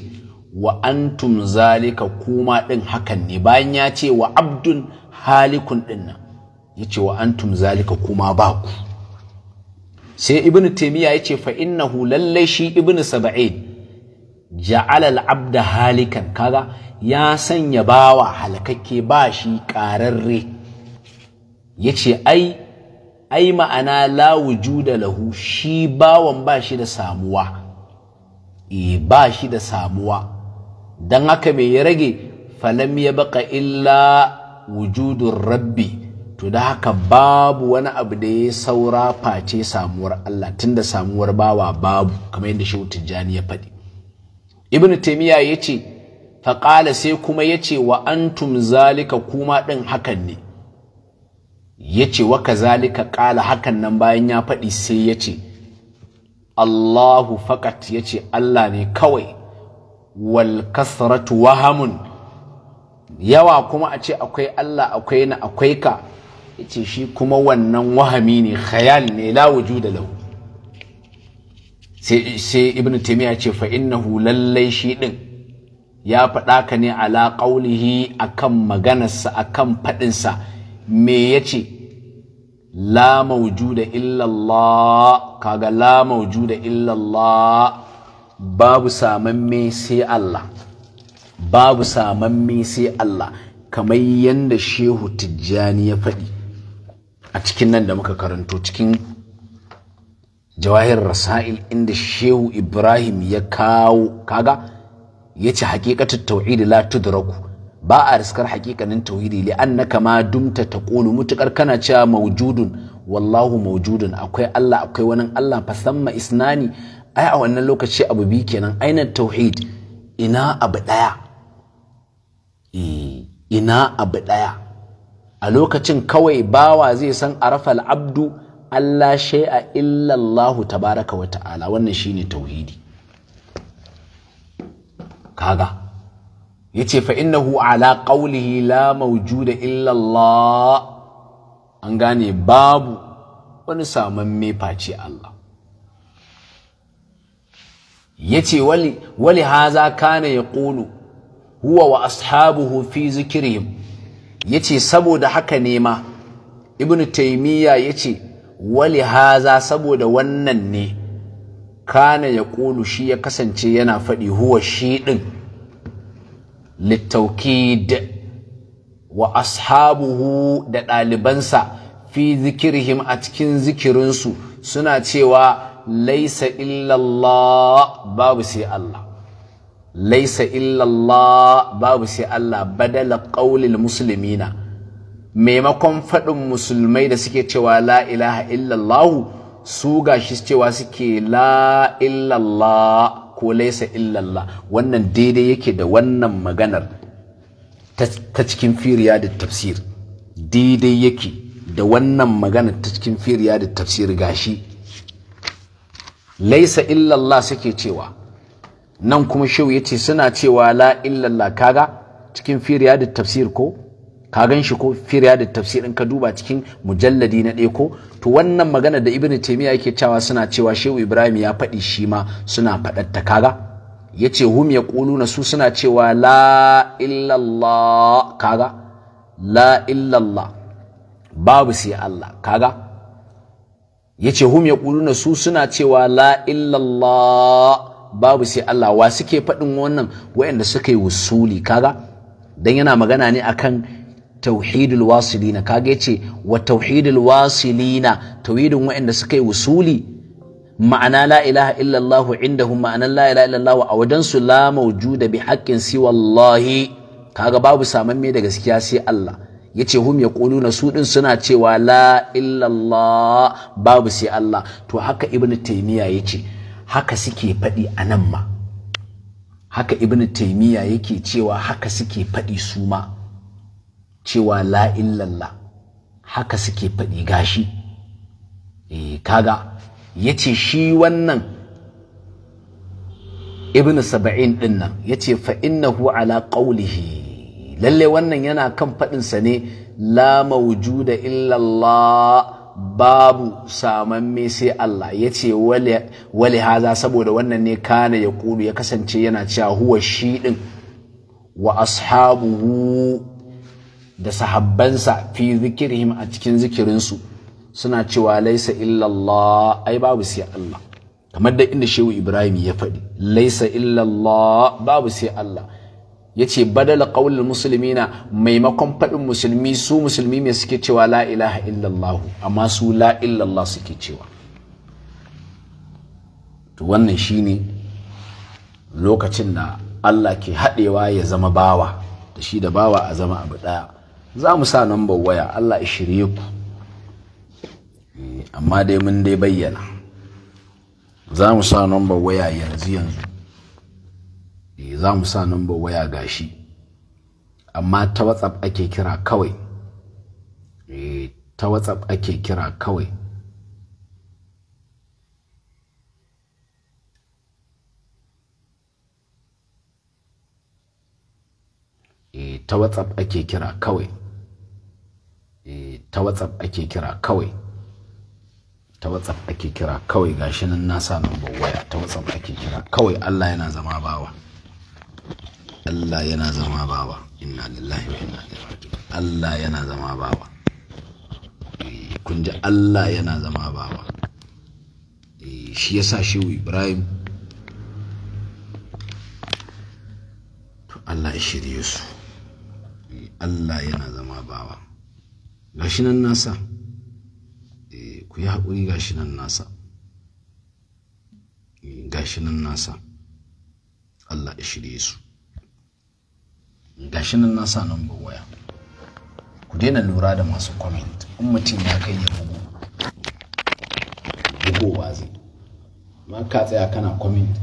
wa tun zalika kuma ɗin hakan ne bayan ya ce wa abdun halikun ɗin nan ya ce wa zalika kuma ba ku sai ibnu taimiyya ya ce fa innahu lallai shi ibnu saba'in Ja'alal Abda halikan kaga ya sanya bawa halakakke ba shi ƙararre ya ce ai ai ma'ana la da lahu shi bawan ba shi da samuwa e ba shi da samuwa Don haka mai ya rage falam ya baka illa wujudun rabbi to da haka babu wani abu da ya saura face samuwar Allah tunda samuwar bawa babu kamar yadda shi Tijjani ya faɗi Ibn ya ce, faƙala sai kuma yace wa antum zalika kuma ɗin hakan ne ya ce wa kazalika ƙala hakan nan bayan ya faɗi sai ya ce Allahu fakat ya ce Allah ne kawai wal kasratu wahamun yawa kuma a ce akwai Allah akwai na akwai ka ya ce shi kuma wannan wahami ne khayal ne la wujuda lahu sai ibnu taymiya ce fa innahu lallai shi ɗin. ya faɗa ka ne ala qaulihi akan maganarsa akan faɗinsa me ya ce la da illallah kaga la da illallah babu samamme sai Allah babu samamme sai Allah kamar yadda shehu tijjani ya faɗi a cikin nan da muka karanto cikin jawahir rasail inda shehu ibrahim ya kawo kaga ya ce hakikatar tauhidi la tudraku ba a riskar hakikanin tauhidi li annaka ma dumta taqulu mutakar kana cewa mawjudun wallahu mawjudun akwai Allah akwai wani Allah fasamma isnani ai a wannan lokaci abu bi kenan aina tauhid ina abu daya eh, ina abu daya a lokacin kawai bawa zai san arafal abdu Allah shay'a illa Allah tabaraka wa ta'ala wannan shine tauhidi kaga yace fa innahu ala qawlihi la mawjuda illa Allah an gane babu wani samamme face Allah yace wali wali haza kana yaqulu huwa wa ashabuhu fi zikrihim yace saboda haka ne ma ibnu taymiya yace wali haza saboda wannan ne kana yaqulu shi ya kasance yana faɗi huwa shi ɗin littaukid wa ashabuhu da ɗalibansa fi zikirhim a cikin zikirinsu suna cewa laisa illallah babu sai Allah babu sai Allah badala ƙaulil musulmina maimakon faɗin musulmai da suke cewa la ilaha illallahu su gashi cewa suke la ko laisa illallah wannan daidai yake da wannan maganar ta cikin firiya da tafsir daidai yake da wannan maganar ta cikin firiya da tafsir gashi laisa illallah suke cewa nan kuma shehu yace suna cewa la illallah kaga cikin firiya da tafsir ko ka gan shi ko firya da tafsirin ka duba cikin mujalladi na ɗaya ko to wannan magana da ibn taimiya yake cewa suna cewa shehu ibrahim ya faɗi shi ma suna faɗar ta kaga ce hum na su suna cewa la illallah kaga la illallah babu sai Allah kaga ya ce hum na su suna cewa la illallah babu sai Allah wa suke faɗin wannan waɗanda suka yi wusuli kaga dan yana magana ne akan tauhidul wasilina kaga yace wa tauhidul wasilina tauhidin waɗanda suka yi wusuli ma'ana la ilaha illallah indahum ma'ana la ilaha illallah a wajen su la mawjuda bi haqqin si wallahi kaga babu saman me da gaskiya sai Allah yace hum yaquluna su din suna cewa la illallah babu sai Allah to haka ibnu taymiya yace haka suke faɗi anan ma haka ibnu taymiya yake cewa haka suke faɗi su ma cewa la illallah haka suke faɗi gashi e kaga ce shi wannan Ibn saba'in din nan yace fa innahu ala ƙaulihi lalle wannan yana kan faɗinsa ne la mawjuda illallah babu saman samamme sai Allah yace wale wale haza saboda wannan ne kana ya kulu ya kasance yana cewa huwa shi din wa ashabuhu da sahabbansa fi zikirhim a cikin zikirinsu suna cewa laisa illallah ai babu sai Allah kamar da inda shehu Ibrahim ya faɗi laisa illallah babu sai Allah yace badala musulmi na maimakon faɗin musulmi su musulmi me suke cewa la ilaha illallah amma su la illallah suke cewa to wannan shine lokacin da Allah ke haɗewa ya zama bawa da shi da bawa a zama abu ɗaya za mu sa nambar waya Allah ya shirye ku eh, amma dai mun dai bayyana za mu sa nambar waya yanzu yanzu eh, za mu sa nambar waya gashi amma ta whatsapp ake kira kawai eh, ta whatsapp ake kira kawai ta whatsapp ake kira kawai Eh, ta WhatsApp ake kira kawai ta WhatsApp ake kira kawai gashi nan na sa number waya ta WhatsApp ake kira kawai Allah yana zama bawa Allah yana zama bawa inna lillahi wa inna ilaihi raji'un Allah yana zama bawa eh, kun ji Allah yana zama bawa eh, shi yasa shehu Ibrahim to Allah ya shirye su Allah yana zama bawa gashi nan nasa eh, ku yi haƙuri gashi nan nasa eh, gashi nan nasa Allah ya shirye su gashi nan nasa nan ba waya ku daina lura da masu comment in mutum ya kai ya bugu bugowa zai ma ka tsaya kana comment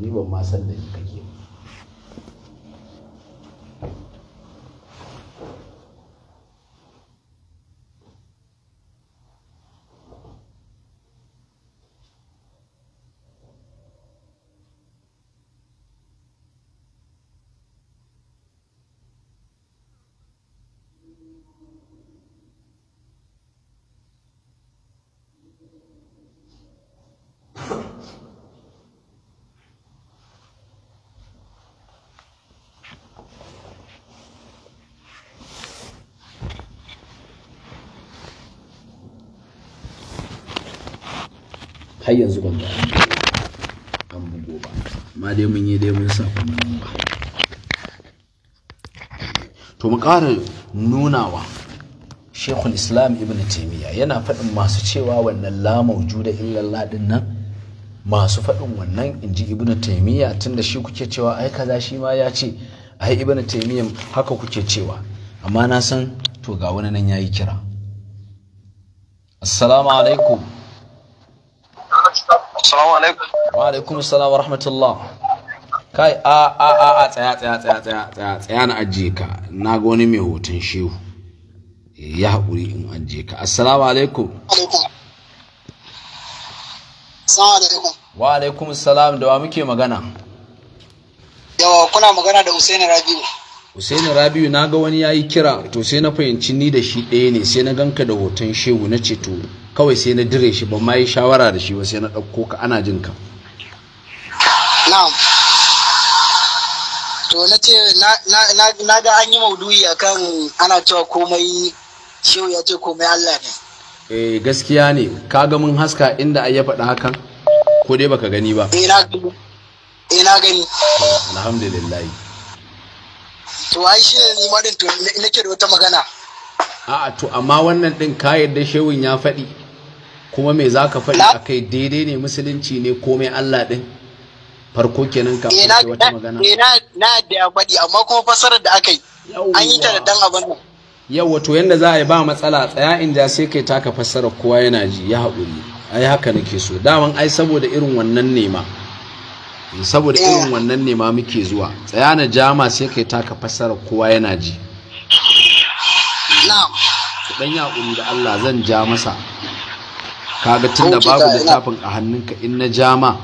ni ban ma san da kake har yanzu ban ga an bugo ba amma dai mun yi dai mun sa kuma ba to mu ƙara nunawa shekul islam ibn taimiyya yana faɗin masu cewa wannan la maujuda illallah din nan masu faɗin wannan in ji ibn taimiyya tunda shi kuke cewa ai kaza shi ma ya ce ai ibn taimiyya haka kuke cewa amma na san to ga wani nan yayi kira assalamu alaikum wa alaikum salam wa rahmatullah kai a a a a tsaya tsaya tsaya tsaya tsaya tsaya na ajiye ka na ga wani mai hoton shehu ya haƙuri in ajiye ka assalamu alaikum wa alaikum salam da wa muke magana yawa kuna magana da Usaini Rabiu Usaini Rabiu na ga wani yayi kira to sai na fahimci ni da shi ɗaya ne sai na ganka da hoton shehu na ce to kawai sai na dire shi ba ma yi shawara da shi ba sai na ɗauko ka ana jin ka na'am to na ce na ga an yi maudu'i akan ana cewa komai shehu ya ce komai Allah ne eh gaskiya ne kaga mun haska inda ai ya faɗa hakan ko dai baka gani ba eh na gani eh, alhamdulillah to ai shi ne ma din to nake da wata magana a'a to amma wannan din ka yadda shehun ya faɗi kuma me zaka faɗi akai daidai ne musulunci ne komai Allah din farko kenan ka faɗi eh, wata magana eh na da ya faɗi amma kuma fasarar da aka yi an yi ta da dan abin Yau, yawa to yanda za a yi ba matsala tsaya in ja sai kai taka fassarar kowa yana ji ya haƙuri ai haka nake so daman ai saboda irin wannan nema. Eh, saboda eh. irin wannan nema muke zuwa tsaya na jama sai kai taka fassarar kowa yana ji na'am dan yaƙuri da Allah zan ja masa kaga tunda babu littafin a hannunka in na jama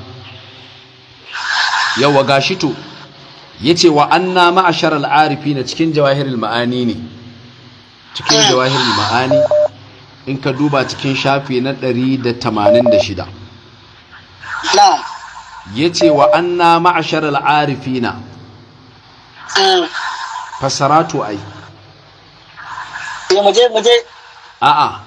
yawa gashi to yace wa anna ma'ashar al'arifi na cikin jawahirul ma'ani ne cikin jawahirul ma'ani in ka duba cikin shafi na 186 Ya yace wa anna ma'ashar al'arifi na, fasaratu ai eh, muje muje a'a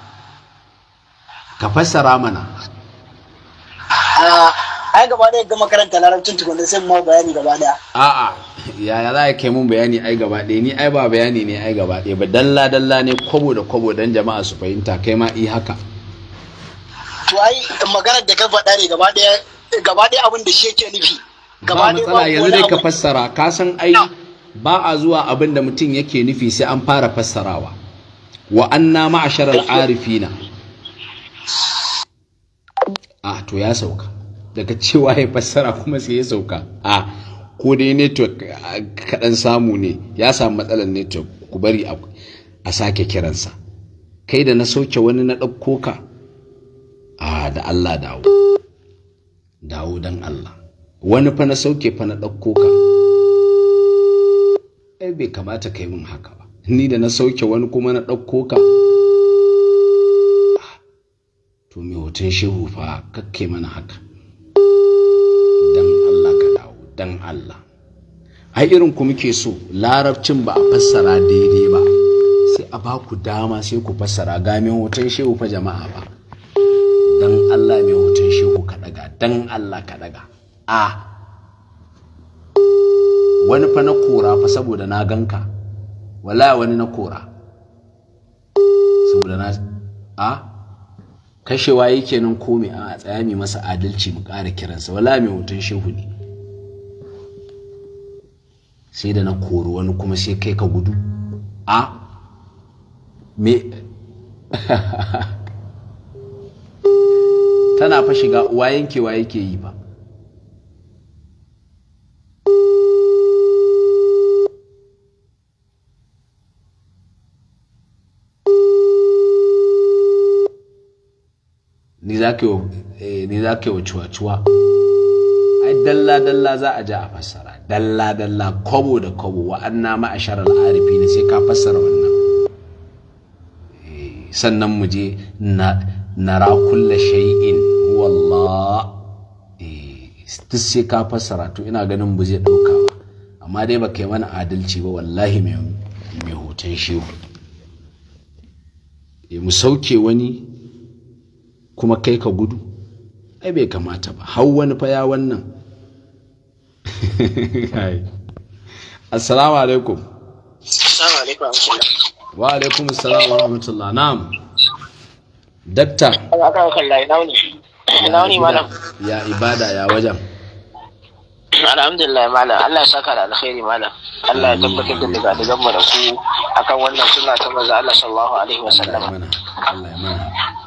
ka fassara mana a'a ah. ai gaba ɗaya ga makaranta larabcin Tukunan, sai ma bayani gaba ɗaya. a'a yaya za a kai mun bayani ai gaba ɗaya ni ai ba bayani ne ai gaba ɗaya ba dalla dalla ne kwabo da kwabo dan jama'a su fahimta kai ma i haka to ai maganar da ka faɗa ne gaba ɗaya gaba ɗaya abin da shi yake nufi gaba daya ba matsala yanzu dai ka fassara ka san ai ba a zuwa abin da mutum yake nufi sai an fara fassarawa wa anna ma'asharar arifina a ah, to ya sauka daga cewa ya fassara kuma sai ya sauka a ko dai network kaɗan samu ne ya samu matsalar network ku bari a sake kiransa kai da na sauke wani na ɗauko ka a da Allah dawo dawo don Allah wani fa na sauke fa na ɗauko ka ai bai kamata kai min haka ba ni da na sauke wani kuma na ɗauko ka to mai hoton shehu fa kakke mana haka dan Allah ai irin ku muke so larabcin ba a fassara daidai ba sai a ba ku dama sai ku fassara ga mai hoton shehu fa jama'a ba dan Allah mai hoton shehu ka daga dan Allah ka daga a wani fa na kora fa saboda na ganka wala wani na kora saboda na a kashewa yake nan komai a tsaya mai masa adalci mu ƙara kiransa wala mai hoton shehu ne sai da na kori wani kuma sai kai ka gudu a me tana fa shiga uwa yankewa yake yi ba eh, ni za ka yi wa cuwa-cuwa ai dalla-dalla za a ja a fassara dalla dalla kwabo da kwabo wa anna ma ashar al'arifi ne sai ka fassara wannan eh, sannan mu je nara kulla shay'in wallah eh, duk sai ka fassara to ina ganin mu zai ɗauka amma dai baka yi mana adalci ba wallahi mai hoton shehu mu sauke wani kuma kai ka gudu ai bai kamata ba hau wani fa wannan assalamu alaikum wa alaikum assalamu wa rahmatullah na'am dakta ya ibada ya wajen alhamdulillah malam Allah ya saka da alkhairi malam Allah ya tabbatar da daga da gamba da ku akan wannan suna ta maza Allah sallallahu alaihi sallam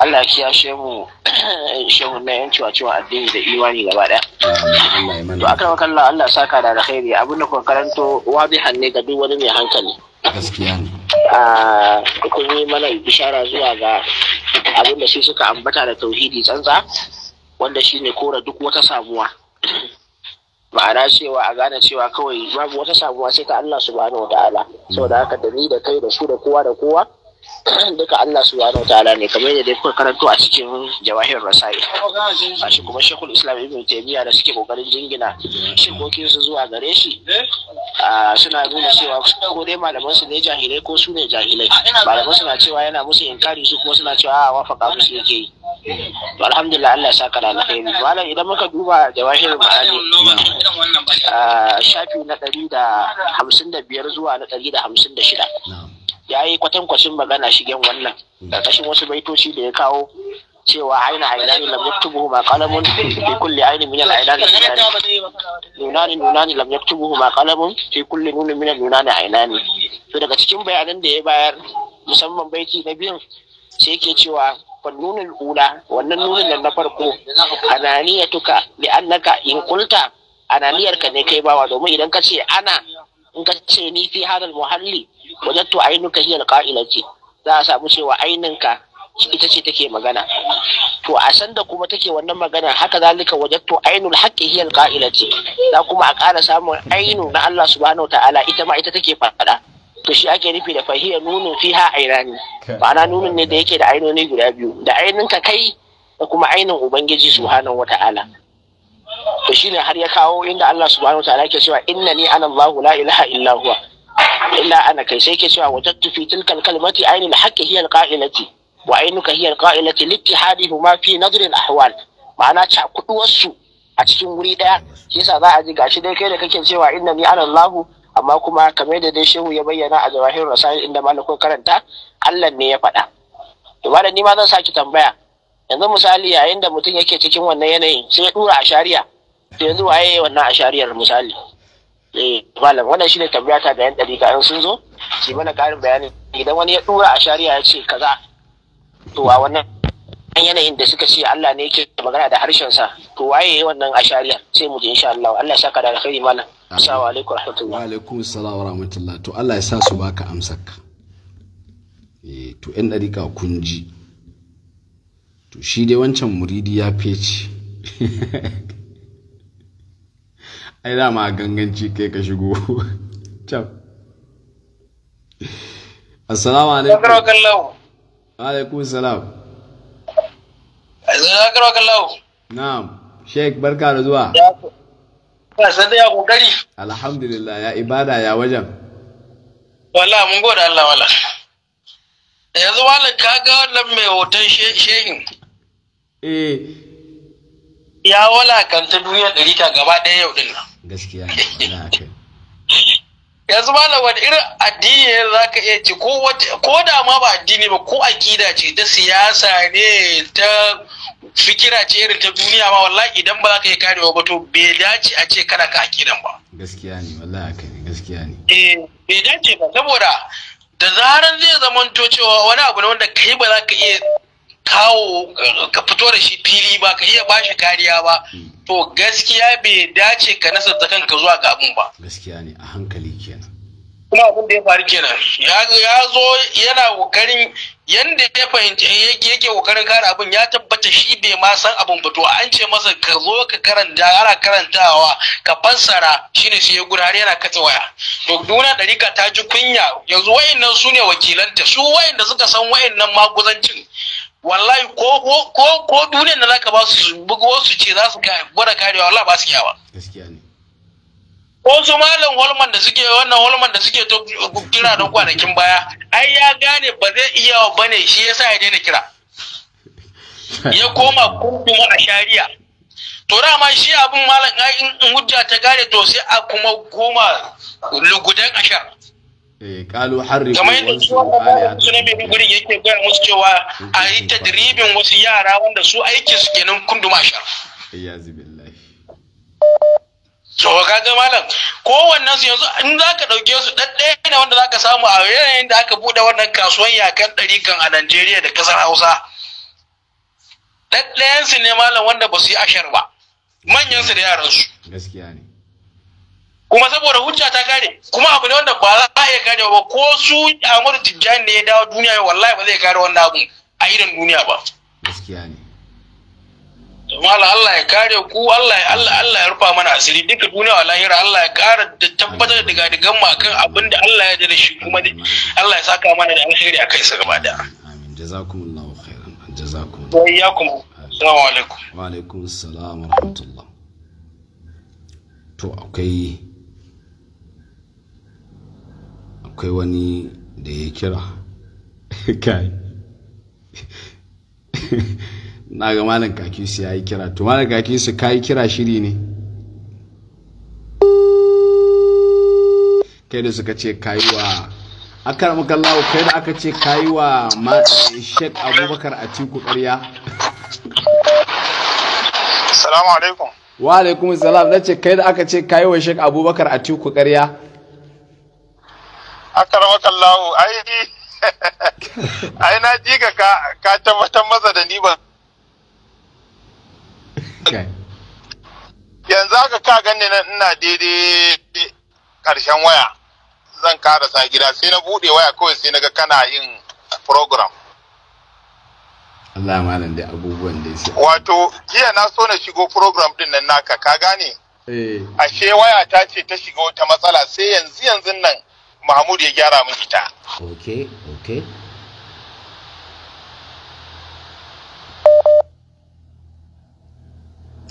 Allah ya kiyashe mu shehu na yanci wa addini da imani gaba daya to aka wa Allah Allah ya saka da alkhairi abin da kuka karanto bi ne ga duk wani mai hankali gaskiya ne kun yi mana bishara zuwa ga abin da shi suka ambata da tauhidi tsantsa wanda shine kora duk wata samuwa. ma'ana cewa a gane cewa kawai babu wata samuwa sai ta Allah subhanahu wa ta'ala saboda haka da ni da kai da su da kowa da kowa duka Allah subhanahu wa ta'ala ne kamar yadda kuka karanto a cikin jawahir rasai a shi kuma shekul islam ibn taimiyya da suke kokarin jingina shirkokin su zuwa gare shi suna nuna cewa ko dai malaman su ne jahilai ko su ne jahilai malaman suna cewa yana musu inkari su kuma suna cewa a wafaka musu yake yi to alhamdulillah Allah ya saka da alheri malam idan muka duba jawahir ma'ani shafi na ɗari da hamsin da biyar zuwa na ɗari da hamsin da shida ya yi kwatankwacin magana shigen wannan ƙarƙashin wasu baitoci da ya kawo cewa aina ainani lam yaktubuhu ma qalamun fi kulli ainin min al-ainani nunani nunani lam yaktubuhu ma qalamun fi kulli nunin min al-nunani ainani to daga cikin bayanan da ya bayar musamman baiti na biyun sai yake cewa fannunin ula wannan nunin nan na farko ananiyatuka li annaka in kulta ananiyarka ne kai bawa domin idan ka ce ana in ka ce ni fi hadal muhalli wajattu ainuka hiya alqa'ilati za a samu cewa aininka ita ce take magana to a sanda kuma take wannan magana haka zalika wajattu ainul haqqi hiya alqa'ilati za kuma a ƙara samun ainu na Allah subhanahu ta'ala ita ma ita take faɗa to shi ake nufi da fahiya nunun fiha ainani ma'ana nunun ne da yake da ainoni guda biyu da aininka kai da kuma ainin ubangiji subhanahu wata'ala to shine har ya kawo inda Allah subhanahu wata'ala ke cewa innani ana Allahu la ilaha illa huwa illa ana kai sai ke cewa wajadtu fi tilkal kalmati ainihin haqqi Hiyar alqa'ilati wa ainuka hiya alqa'ilati littihadihuma fi nadri alahwal ma'ana cakuduwarsu a cikin wuri daya yasa za a ji gashi dai kai da kake cewa inda ni Allahu amma kuma kamar da dai shehu ya bayyana a jawahir rasail inda malakun karanta Allah ne ya faɗa to ba ni ma zan saki tambaya yanzu misali yayin da mutum yake cikin wannan yanayin sai ya dura a shari'a to yanzu waye wannan a shari'ar misali eh malam wannan shine tambaya ta ga yan dariƙa in sun zo shi mana ƙarin bayani idan wani ya dura a shari'a ya ce kaza to a wannan yanayin da suka ce Allah ne yake magana da harshen sa to waye yayi wannan a shari'a sai mu ji insha Allah Allah ya saka da alkhairi malam assalamu alaikum rahmatullahi wa alaikum assalam wa rahmatullahi to Allah ya sa su baka ka. eh to yan ɗariƙa kun ji to shi dai wancan muridi ya fece ai dama a ganganci kai ka shigo can assalamu alaikum alaikum salam na'am sheik barka da zuwa Kasar da ya kokari. Alhamdulillah ya ibada ya wajen. Wala mun gode Allah wala. Yanzu Malam ka ga wannan mai hoton shehin. Eh. Ya wala kan ta duniya ɗari gaba ɗaya yau ɗin nan. gaskiya na kai yanzu malam wani irin addini ne za ka iya ci ko da ma ba addini ba ko akida ce ta siyasa ne ta fikira ce irin ta duniya ma wallahi idan ba za ka yi karewa ba to bai dace a ce kana ka akidan ba gaskiya ne wallahi haka ne gaskiya ne eh bai dace ba saboda da zaran zai zamanto cewa wani abu ne wanda kai ba za ka iya kawo ka fito da shi fili ba ka iya ba shi kariya ba hmm. to gaskiya bai dace ka nasarta kanka zuwa ga abin ba gaskiya ne a hankali kenan kuma abin da ya faru kenan ya zo yana kokarin yanda ya fahimci yake kokarin kare abin ya tabbata shi bai ma san abin ba to an ce masa ka zo ka karanta ana karantawa ka fassara shine sai ya gura har yana katse waya to duna ɗarika ta ji kunya yanzu wayannan su ne wakilanta su wayanda suka san wayannan maguzancin wallahi ko ko ko duniyar da zaka ba su bugo su ce za su gwada karewa wallahi ba su yawa gaskiya ne ko su malam holman da suke wannan holman da suke to kira don kwanakin baya ai ya gane ba zai iya ba bane shi yasa ya daina kira ya koma kuma a shari'a to dama shi abin malam in hujja ta gane to sai a kuma koma lugudan ashar kalu eh, harri kamar yadda su mai yake gaya musu cewa a yi tadribin wasu yara wanda su aikin su kenan kunduma ya iyazi billahi to ga malam kowannen su yanzu in zaka ɗauke su daddaya ne wanda zaka samu a yanayin da aka buɗe wannan kasuwan yakan kan a Najeriya da kasar Hausa daddayan su ne malam wanda ba su yi ashar ba manyan su da yaran su gaskiya ne kuma saboda hujja ta kare kuma abu ne wanda ba za a iya gane ba ko su Ahmadu Tijjani ne ya dawo duniya wallahi ba zai kare wannan abu a idan duniya ba gaskiya ne mala Allah ya kare ku Allah ya Allah Allah ya rufa mana asiri duka duniya wa lahira Allah ya kara da tabbatar da gadigan mu akan abin da Allah ya da shi kuma Allah ya saka mana da alheri kai sa gaba da amin jazakumullahu khairan jazakumullahu wa iyyakum assalamu alaikum wa alaikum assalam wa rahmatullah to akwai akwai wani da ya kira kai na ga malam kakisu ya yi kira to malam kakisu ka yi kira shiri ne kai da suka ce ka yi wa akar makallawo kai da aka ce ka yi wa shek abubakar a tiku karya salamu alaikum wa alaikum salam na ce kai da aka ce ka yi wa shek abubakar a tiku karya akara Allahu ai ai na ji ka ka tabbatar masa da ni ba yanzu haka ka gani na ina daidai karshen waya zan sa gida sai na bude waya kawai sai na ga kana yin program Allah nan da abubuwan da shi wato jiya na so na shigo program din nan naka ka gane eh. ashe waya ta ce ta shiga wata matsala sai yanzu yanzu nan mahmud ya gyara min ita okay okay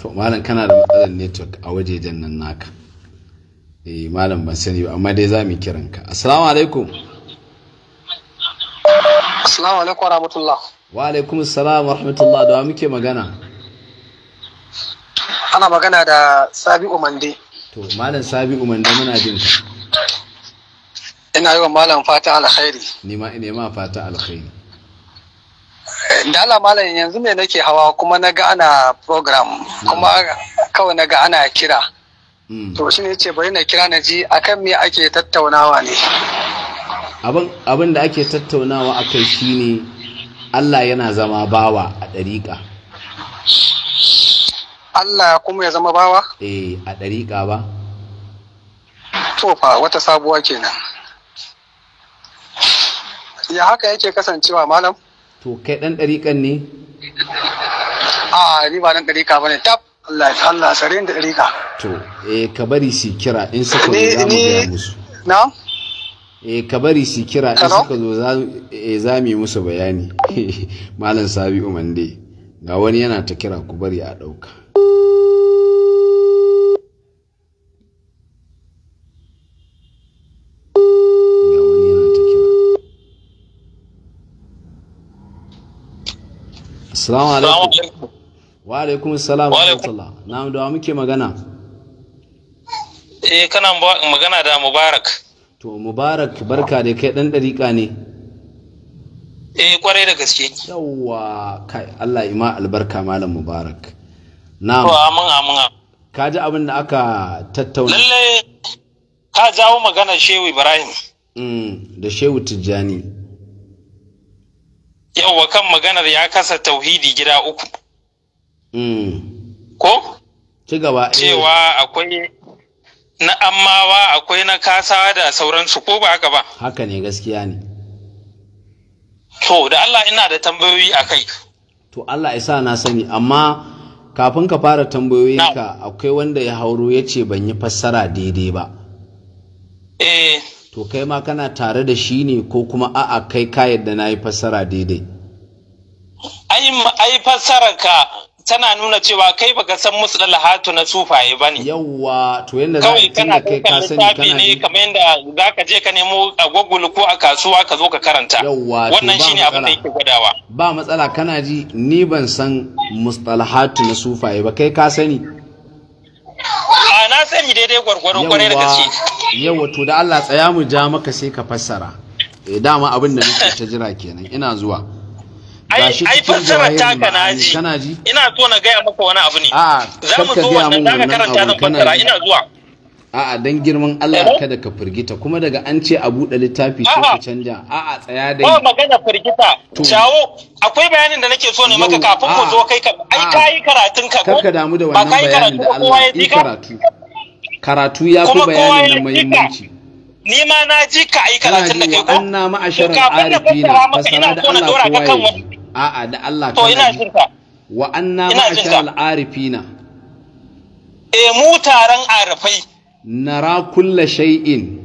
to malam kana da matsalar network a wajejen nan naka eh malam ban sani ba amma dai za mu kiran ka assalamu alaikum assalamu alaikum rahmatullah wa alaikum assalam rahmatullah da muke magana ana magana da sabi'u mande to malam sabi'u mande muna jin ka ina yi wa malam fata alkhairi nima ina ma fata alkhairi dala malam yanzu me nake hawa kuma na ga ana program kuma kawai na ga ana kira hmm. to shi ne ce bari na kira na ji akan me ake tattaunawa ne abin da ake tattaunawa a kai ne Allah yana zama bawa a ɗariƙa Allah kuma ya zama bawa? eh a ɗariƙa ba to fa wata sabuwa kenan ya haka yake kasancewa malam to kai dan ɗariƙan ne a ni ba dan ɗariƙa bane tab Allah ya Allah sare da ɗariƙa to eh ka bari shi kira in suka zo za mu biya musu na eh ka bari su kira in suka zo eh, za mu yi musu bayani malam sabi umande ga wani yana ta kira ku bari a ɗauka Salamu alaikum. Wa alaikum assalam wa na mu dawa muke magana. Eh kana magana da Mubarak. To Mubarak barka da kai dan dariƙa ne. Eh kwarai da gaske. Yawwa kai Allah ima albarka malam Mubarak. Na'am. To amin amin. Ka ji abin da aka tattauna. Lalle ka jawo magana Shehu Ibrahim. Mm da Shehu Tijjani. yawwa kan maganar ya kasa tauhidi gida uku hmm. ko eh. cewa akwai na ammawa akwai na kasa da sauransu ko ba haka ba haka ne gaskiya ne to da Allah ina da tambayoyi a kai to Allah isa na sani amma kafin ka fara tambayoyinka akwai wanda ya hauro ya ce ban yi fassara daidai ba eh to kai ma kana tare da shi ne ko kuma a'a kai ka yadda na yi fassara daidai ai fassarar ka tana nuna cewa kai baka san Lahatu na sufaye bane yawa to yanda za ka tunda kai ka sani kana ne kamar yanda zaka je ka nemo a Google ko a kasuwa ka zo ka karanta yawa wannan shine abin da yake gwadawa ba matsala kana ji ni ban san Lahatu na sufaye ba kai ka sani a na sani daidai gwargwaro kwarai da gaske yawa to da Allah tsaya mu ja maka sai ka fassara eh dama abin da nake ta jira kenan ina zuwa ai ai fassara ta kana ji kana ji ina so na gaya maka wani abu ne a za mu zo wannan da ka karanta zan fassara ina zuwa a'a dan girman Allah eh? kada ka firgita kuma daga an ce a buɗe littafi sai ka canja a'a tsaya dai ba magana firgita jawo akwai bayanin da nake so ne maka kafin mu zo kai ka ai kai karatun ka ko ka damu da wannan bayanin da Allah ya karatu karatu ya fi bayanin da muhimmanci ni ma na ji ka ai karatun da kai ko anna ma'ashara na fasara da Allah kowa a'a da Allah to ina shirka wa anna arifi na eh mu taron arifai nara kulla shay'in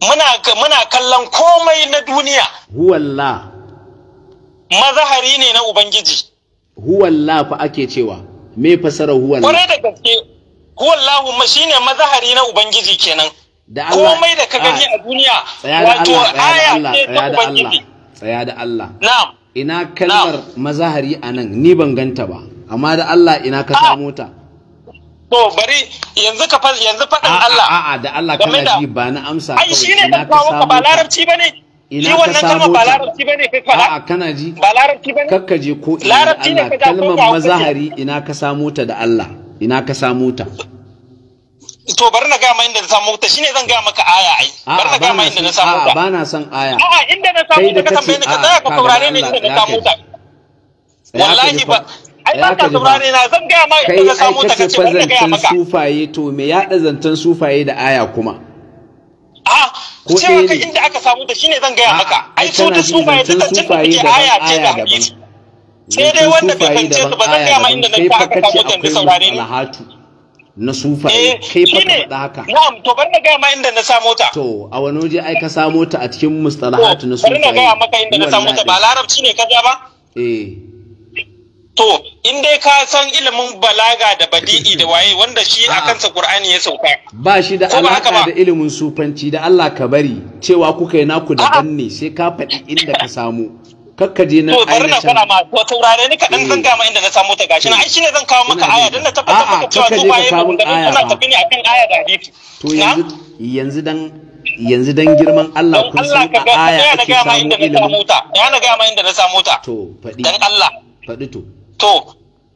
muna kallon komai na duniya huwalla mazahari ne na ubangiji huwalla fa ake cewa me fasara huwalla kwarai da gaske huwalla kuma shine mazahari na ubangiji kenan da Allah komai da ka ah, gani a duniya wato aya ce ta ubangiji tsaya da Allah na'am ina kallar mazahari anan ni ban ganta ba amma da Allah ina ka samu ah. ta to bari yanzu a'a da Allah kana ji ba na amsa ai shine ka ba ina ka ba larabci bane ji ba larabci je ko ina larabci ne mazahari ina ka samu da Allah ina ka samu ta gama inda na samu ta shine zan gama maka aya ai bari na gama inda na samu ta a'a ba na son aya a'a inda na samu ta ka tambaye ni ka tsaya ka saurare ni inda na samu ta wallahi ba ai ba ka saurare na zan gaya ma ka samu wanda gaya maka sufaye to me ya zantan sufaye da aya kuma a cewa ka inda aka samu shine zan gaya maka ai su da sufaye da zantan sufaye da aya ce da sai dai wanda bai fance su ba zan gaya ma inda na ka aka samu da saurare na sufaye eh, kai fa ka haka na'am to bari na gaya ma inda na samo ta to a wani waje ai ka samo ta a cikin mustalahatu na sufaye bari na maka inda na ta ba larabci ne ka ba eh to in dai ka san ilimin balaga da badi'i da waye wanda shi a kansa qur'ani ya sauka ba shi da alaka da ilimin sufanci da Allah ka bari cewa kuka yi naku daban ne sai ka faɗi inda ka samu je na ainihin. To na ma to taurare ni don To yanzu yanzu girman Allah kun san a aya ake samu ilimin. Ya na gama inda na samu ta. To Dan Allah. Faɗi to. to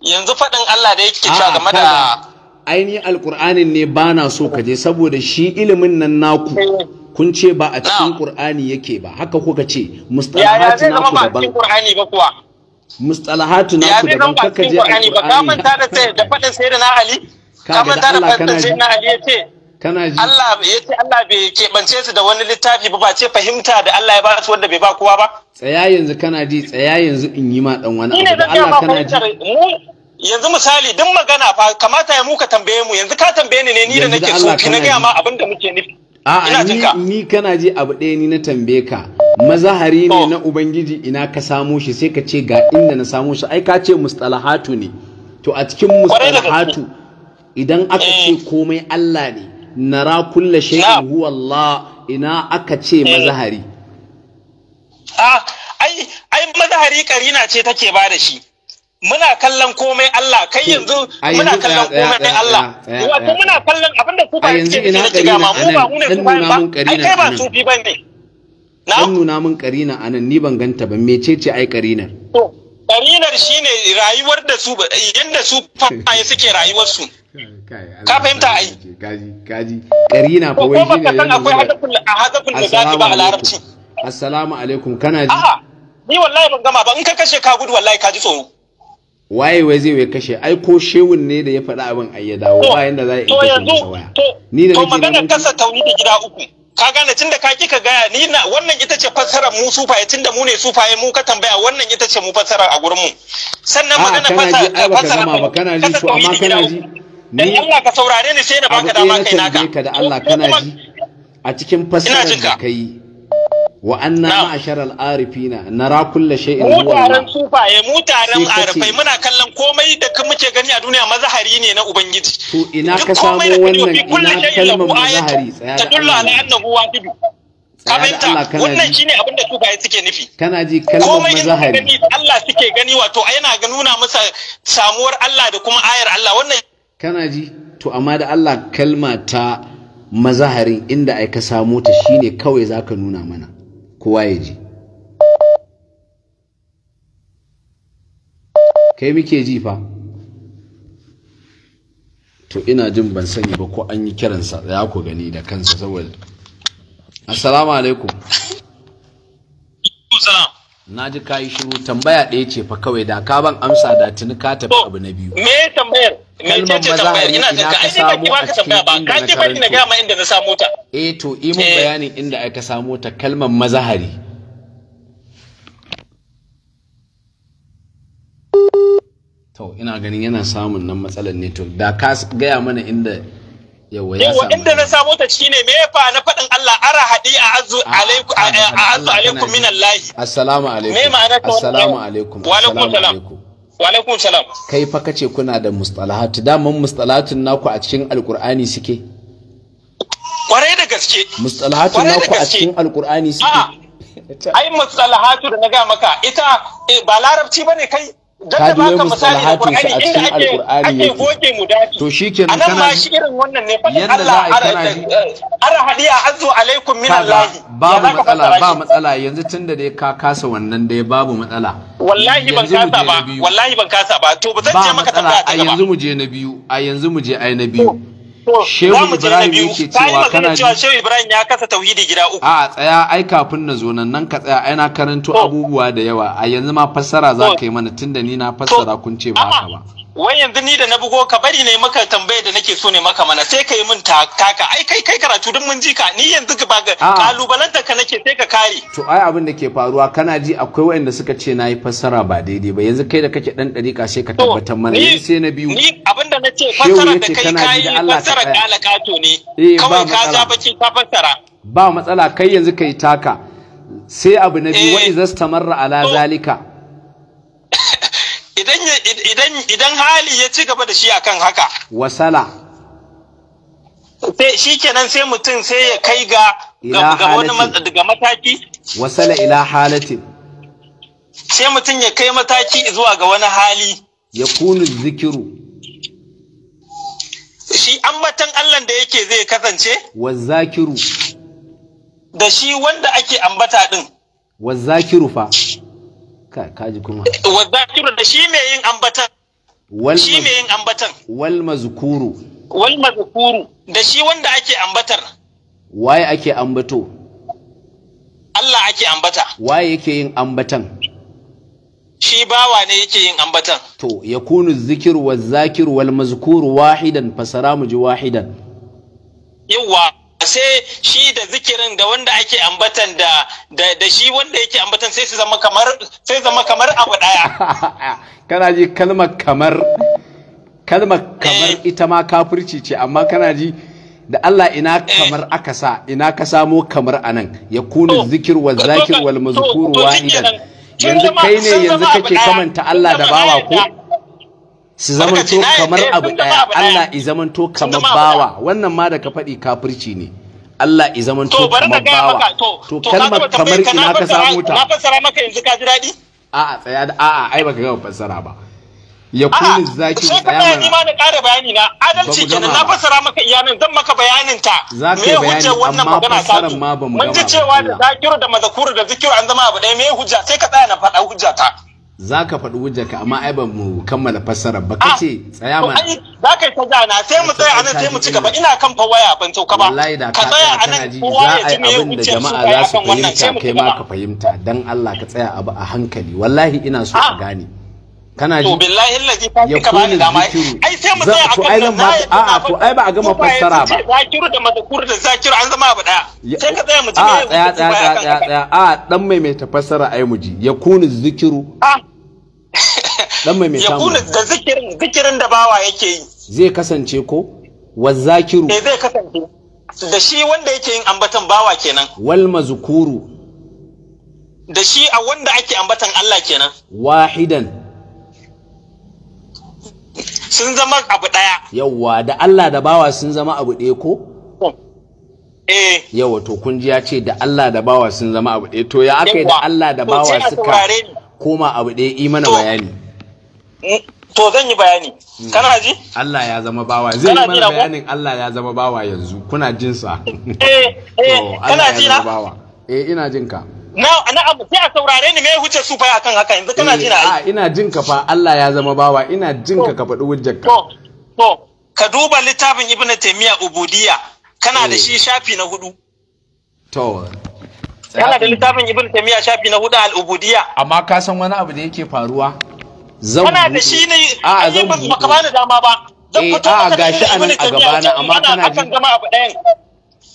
yanzu faɗin Allah da yake cewa game da ainihin alƙur'anin ne ba na so ka je saboda shi ilimin nan naku eh. kun ce ba a cikin ƙur'ani yake ba haka kuka ce mustalahatu naku daban ba kuwa mustalahatu naku daban kaka je alkur'ani ba ka manta da sai da faɗin sayyidina ali ka manta da faɗin na ali ce kana ji Allah ya ce Allah bai keɓance su da wani littafi ba ce fahimta da Allah ya ba su wanda bai ba kowa ba tsaya yanzu kana ji tsaya yanzu in yi ma dan wani abu da Allah kana ji yanzu misali duk magana fa kamata ya muka tambaye mu yanzu ka tambaye ni ne ni da nake so ki na ga ma abin da muke nufi a'a ni ni kana ji abu ɗaya ni na tambaye ka mazahari ne na ubangiji ina ka samo shi sai ka ce ga inda na samo shi ai ka ce mustalahatu ne to a cikin mustalahatu idan aka ce eh. komai Allah ne nara kulle shay'in huwa Allah ina aka ce eh. mazahari ah ai ai mazahari karina ce take ba da shi muna kallon komai Allah kai yanzu muna kallon komai Allah wato muna kallon abinda ku ba yanzu ina karina ma mu ba mu ne kuma ba ai kai ba sufi bane na nuna mun karina anan ni ban ganta ba mecece ai karinar to karinar shine rayuwar da su yanda su fa suke rayuwar su ka fahimta ai gaji gaji kari na fa wai shine yanzu akwai hadaful ahadaful lazati ba a larabci assalamu alaikum kana ji a'a ni wallahi ban gama ba in ka kashe ka gudu wallahi ka ji tsoro waye wai zai wai kashe ai ko shewun ne da ya faɗi abin ai ya dawo ba yanda za a yi kashe waya ni da To magana kasa tauni da gida uku ka gane tunda ka ki ka gaya ni na wannan ita ce fassarar mu sufaye tunda mu ne sufaye mu ka tambaya wannan ita ce mu fassarar a gurin mu sannan magana fassarar ba kana ji ko amma kana ji dan Allah ka saurare ni sai na baka dama kai naka ka da Allah kana ji a cikin fassarar da kai wa anna ma'ashar nara shay'in huwa sufaye arifai muna kallon komai da muke gani a duniya mazahari ne na ubangiji to ina ka samu wannan ina kalmar mazahari tsaya da Allah ala annahu wahidu abinta wannan shine abin da sufaye suke nufi kana ji kalmar mazahari Allah suke gani wato yana ga nuna masa samuwar Allah da kuma ayar Allah wannan kana ji to amma da Allah kalma ta mazaharin inda ai ka samu ta shine kawai zaka nuna mana kowa ya ji kai muke ji fa to ina jin ban sani ba ko an yi kiransa ya ku gani da kansa saboda assalamu alaikum na ji ka yi shiru tambaya ɗaya ce fa kawai da ka ban amsa da tuni ka tafi abu na biyu me tambayar kalmar maza ina jin ka samu a cikin inda na karanto. na gama inda na samu ta. Eh to yi mun eh. bayanin inda aka samu ta kalmar mazahari. To ina ganin yana samun nan matsalar ne to da ka gaya mana inda yawa ya samu. inda na samu ta ne me fa na faɗin Allah ara hadi a azu ah, alaikum minallahi. azu alaikum min Allah. Assalamu alaikum. Me ma'ana ta Assalamu alaikum. Wa alaikum salam. Walaikun salam. Kai fa kace kuna da mustalahatu daman mustalahatun naku a cikin alkur'ani suke. Kwarai da gaske. Mustalahatun naku a cikin alkur'ani suke. Ai mustalahatu da na ga maka ita eh, ba larabci bane kai. ka biyo da shi a cikin ya ke. to nan kana ma shi irin wannan ne fadin Allah ara hadiya azu alaikum min Allah babu matsala ba matsala yanzu tunda dai ka kasa wannan dai babu matsala wallahi ban kasa ba wallahi ban kasa ba to ba zan je maka tambaya ta gaba a yanzu mu je na biyu a yanzu mu je ai na biyu Shehu Ibrahim yake cewa kana ji. Shehu Ibrahim ya kasa tauhidi gida uku. A tsaya ai kafin na zo nan nan ka tsaya ai na karanto abubuwa da yawa. A yanzu ma fassara za ka yi mana tunda ni na fassara kun ce ba haka ba. wai yanzu ni da na bugo ka bari ne maka tambaye da nake so ne maka mana sai ka yi min taka ai kai kai karatu duk mun ji ka ni yanzu ka baga ah. kalubalanta ka nake sai ka kare to ai abin da ke faruwa kana ji akwai wayanda suka ce na yi fassara ba daidai ba yanzu kai da kake dan dariƙa sai ka tabbatar mana ni sai na biyu ni abin da nace fassara da kai kai fassara alaka to ne eh, kawai ka ja baki ka fassara ba matsala kai yanzu kai taka sai abu na biyu eh. wa izastamarra ala zalika idan hali ya ci gaba da shi akan haka wasala sai kenan sai mutum sai ya kai ga wani mataki wasala ila halatin sai mutum ya kai mataki zuwa ga wani hali ya kunu zikiru shi ambatan Allah da yake zai kasance wa da shi wanda ake ambata din wa zakiru fa kaji kuma wadzakiru da shi mai yin ambatan shi mai yin ambatan wal mazkuru wal mazkuru da shi wanda ake ambatar waye ake ambato Allah ake ambata waye yake yin ambatan shi bawa ne yake yin ambatan to yakunu zikiru wal wal mazkuru wahidan fasara mu ji wahidan yawa Sai shi da zikirin da wanda ake ambatan da da shi wanda yake ambatan sai su zama kamar sai zama kamar abu daya kana ji kalmar kamar kalmar kamar eh. ita ma kafirci ce amma kana ji da Allah ina eh. kamar aka sa ina ka samo kamar anan ya kunu zikir wa zakir wal mazkur wahidan yanzu kai ne yanzu kake kamanta Allah da bawa ko su to kamar abu daya Allah i to kamar bawa wannan ma da ka faɗi kafirci ne Allah i to kamar bawa to kalmar kamar ina ka samu ta na fassara maka yanzu ka ji daɗi a'a tsaya da a'a ai baka gama fassara ba ya kuni zaki tsaya mana ma na ƙara bayani na adalci kenan na fassara maka iyanin zan maka bayanin ta za ka yi bayani amma fassaran ma ba mu gama mun ji cewa da zakiru da mazakuru da zikiru an zama abu ɗaya me hujja sai ka tsaya na faɗa hujja ta za ka faɗi hujjarka amma ai ba mu kammala fassara ba ka ah, ce tsaya ma za ka yi ta gana sai mu tsaya anan sai mu ci gaba ina kan fa waya ban sauka ba wallahi da ka tsaya anan kowa ya ji me wuce jama'a za su fahimta kai ma ka fahimta dan Allah ka tsaya abu a hankali wallahi ina so ka ah. gane kana ji to billahi ba a gama fassara ba a a dan mai fassara ai mu ji yakunu zikiru dan mai mai zikirin da bawa yake yi zai kasance ko wa zakiru eh zai kasance da shi wanda yake yin ambatan bawa kenan wal mazkuru da shi a wanda ake ambatan Allah kenan wahidan sun zama abu ɗaya yawwa da Allah da bawa sun zama abu ɗaya ko eh Yawwa to kun ji ya ce da Allah da bawa sun zama abu ɗaya to ya aka yi da Allah da bawa suka koma abu ɗaya imana mana bayani mm, to zan yi bayani mm. kana ji Allah ya zama bawa zai yi mana bayanin Allah ya zama bawa yanzu kuna jinsa eh eh kana ji na eh ina jinka na'am sai a saurare ni me hujjar su fa akan haka yanzu kana jina ai eh, ina jin ka fa Allah ya zama bawa ina jin ka ka faɗi hujjar ka to ka duba littafin Ibn Taymiyyah ubudiyya kana da shi eh. shafi na hudu to kana da littafin Ibn Taymiyyah shafi na hudu al-ubudiyya amma ka san wani abu da yake faruwa zan kana da shi ne a zan ba ka bani dama ba zan eh, fito a gashi a nan a gabana amma kana ji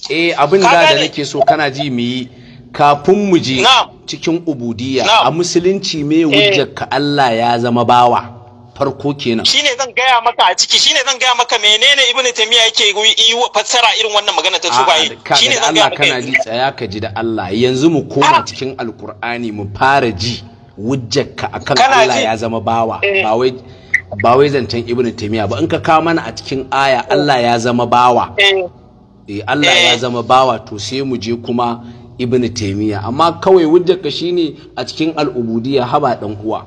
eh abin da da nake so kana ji mu yi kafin mu je cikin ubudiya a musulunci me wujjar ka eh. Allah ya zama bawa farko kenan shine zan gaya maka a ciki shine zan gaya maka menene ibn taymiya yake yi fassara irin wannan magana ta baye shine zan gaya maka kana ji tsaya ka ji da Allah yanzu mu koma cikin alkur'ani mu fara ji ka akan Allah ya zama bawa eh. ba wai ba wai zancen ibn taymiya ba in ka kawo mana a cikin aya Allah ya zama bawa eh, eh Allah ya zama bawa to sai mu je kuma ibn taimiyya amma kawai shi shine a cikin al'ubudiyya haba dan uwa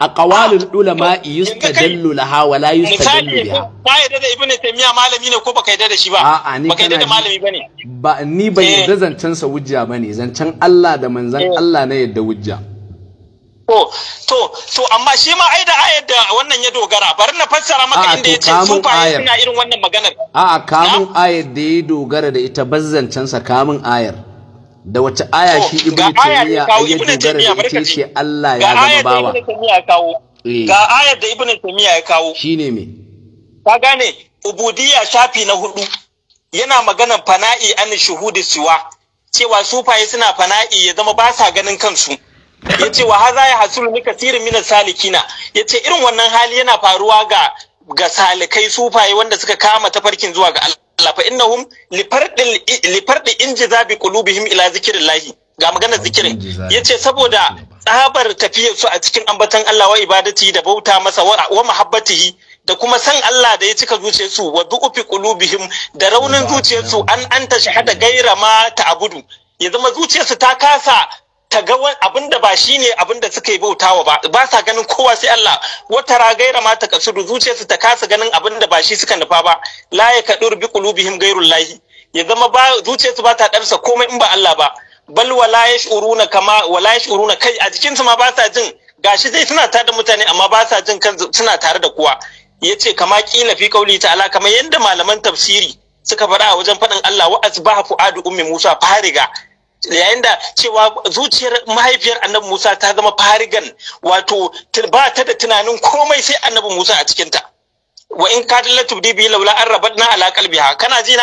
a qawalul ulama yustadallu laha wa la yustadallu biha ba yi da ibn taimiyya malami ne ko baka yadda da shi ba ni baka yadda da malami bane ba ni ban eh. yadda zancen sa wujja bane zancen Allah da manzon eh. Allah na yadda wujja to to to amma shi ma ai da ayar da wannan ya dogara bari na fassara maka inda yace su fa suna irin wannan maganar a'a kamun ayar da ya dogara da ita bazzancansa kamun ayar da wace aya shi ibnu taymiya ya dogara da ita ce Allah ya zama bawa eh. ga ayar da ibnu taymiya ya kawo shine me ka gane ubudiyya shafi na hudu yana maganan fana'i an shuhudi siwa cewa sufaye suna fana'i ya zama ba sa ganin kansu ya ce wa haza ya hasulu ni kasirin mina salikina ya ce irin wannan hali yana faruwa ga ga salikai sufaye wanda suka kama tafarkin zuwa ga Allah Allah fa innahum li fardi injizabi qulubihim ila zikrillah ga maganar zikirin yace saboda tsabar tafiyar su a cikin ambatan Allah wa ibadati da bauta masa wa mahabbatihi da kuma san Allah da ya cika zuciyarsu wa du'ufi qulubihim da raunin zuciyarsu an anta shahada gaira ma ta'budu ya zama zuciyarsu ta kasa ta ga abin da ba shi ne abin da suka yi bautawa ba ba sa ganin kowa sai Allah wata ragaira ma ta kasu zuciyarsu ta kasa ganin abin da ba shi suka nufa ba la ya kadu bi qulubihim ghairul lahi ya zama ba zuciyarsu ba ta darsa komai in ba Allah ba bal wala yashuruna kama wala yashuruna kai a jikinsu ma ba sa jin gashi zai suna tare da mutane amma ba sa jin kan suna tare da kowa yace kama kila fi qauli ta'ala kamar yanda malaman tafsiri suka faɗa a wajen faɗin Allah wa baha fuadu ummi Musa fariga yayin da cewa zuciyar mahaifiyar annabi Musa ta zama farigan wato ba ta da tunanin komai sai annabi Musa a cikinta wa in ka dallatu bi bi laula an rabatna ala ha, kana ji na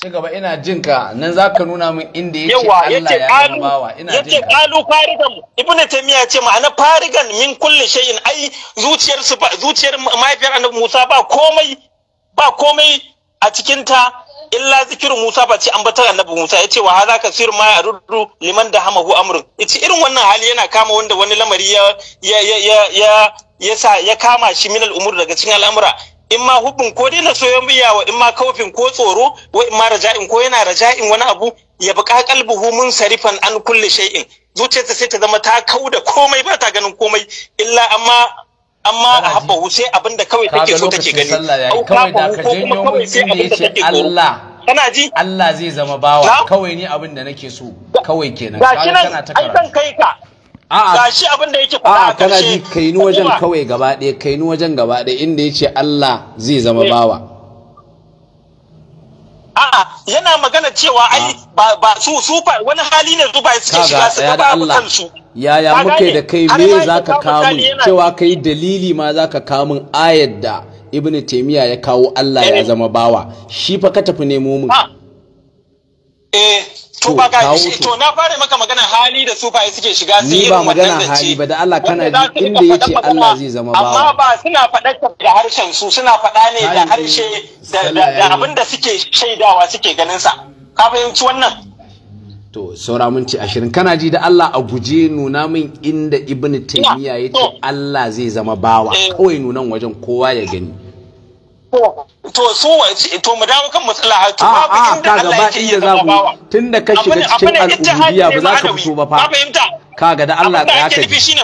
ci gaba ina jin ka nan zaka nuna min inda yake Allah ya bawa ina jin ka yake qalu farigan ibnu taymiya ce ma'ana farigan min kulli shay'in ai zuciyar su zuciyar mahaifiyar annabi Musa ba komai ba komai a cikinta illa zikirin Musa ba ce batar annabi Musa ya ce wa haza kasir ma ya yaruddu liman da hamahu amrun yace irin wannan hali yana kama wanda wani lamari ya ya ya ya ya sa ya kama shi min al'umur daga cikin al'amura in ma hubbin ko dai na soyon biya wa in ma kaufin ko tsoro wa in ma raja'in ko yana raja'in wani abu ya buƙa kalbuhu mun sarifan an kulli shay'in zuciyarsa sai ta zama ta kau da komai ba ta ganin komai illa amma amma a haɓa sai abin da kawai take so take gani au kawai da ka janyo mun inda yace Allah kana ji Allah zai zama bawa kawai ni abin da nake so kawai kenan gashi nan ai zan kai ka a'a gashi abin da yake faɗa a kana ji kai ni wajen kawai gaba ɗaya kai ni wajen gaba ɗaya inda yace Allah zai zama bawa a'a yana magana cewa ai ba su su wani hali ne su ba suke shiga su ba kansu yaya muke da kai me za ka kamun cewa yi dalili ma za ka kamun ayar da ibn taimiyya ya kawo Allah ya eh. zama bawa shi fa ka tafi nemo mun eh, to ba ga to na fara maka magana hali da sufaye suke shiga su irin ba magana hali ba da Allah kana ji inda yace Allah zai zama bawa amma ba suna faɗa da harshen su suna faɗa ne da harshe da abin da suke shaidawa suke ganin sa ka fahimci wannan to saura minti ashirin kana ji da Allah a guje nuna min inda ibn taymiya ya ce Allah zai zama bawa eh. kawai nunan wajen kowa ya gani to so to mu dawo kan matsala ha to babu inda Allah yake iya zama bawa tunda ka shiga cikin al'ubudiyya ba za ka fito ba fa kaga da Allah ya ka ji,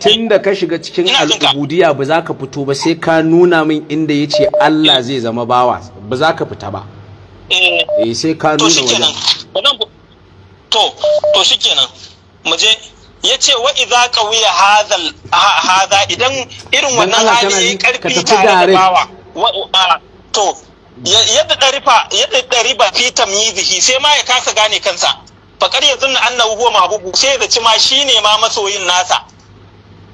tunda ka shiga cikin al'ubudiyya ba za ka fito ba sai ka nuna min inda yace Allah zai zama bawa ba za ka fita ba eh, eh sai ka nuna wajen to to shikenan mu je yace wa idza qawiya hadal hada idan irin wannan hali yayi karfi tare da bawa to yadda darifa yadda dariba fi tamyizihi sai ma ya kasa gane kansa kar yanzu annahu huwa mahbubu sai ya zaci ma shine ma masoyin nasa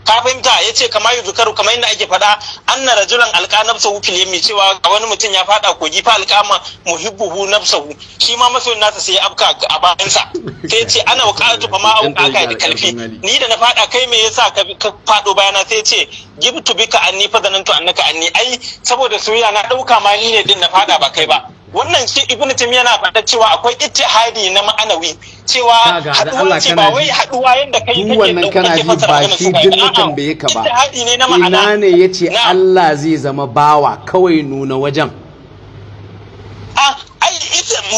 ka fahimta ya ce kama yi zukaru kamar yadda ake faɗa an na rajulan alƙa nafsahu fil yammi cewa wani mutum ya faɗa kogi fa alƙama muhibbuhu nafsahu shi ma masoyin nasa sai ya afka a bayansa sai ya ce ana waƙatu fa ma auƙaka da kalfi ni da na faɗa kai me yasa ka faɗo bayana sai ya ce gibtu bika anni fa zanantu annaka anni ai saboda soyayya na ɗauka ma ni ne din na faɗa ba kai ba wannan shi ibn timi yana faɗa cewa akwai ittihadi na ma'anawi cewa haduwa ce ba wai haduwa yanda kai kake wannan kana ji ba shi din na tambaye ka ba ina ne yace Allah zai zama bawa kawai nuna wajen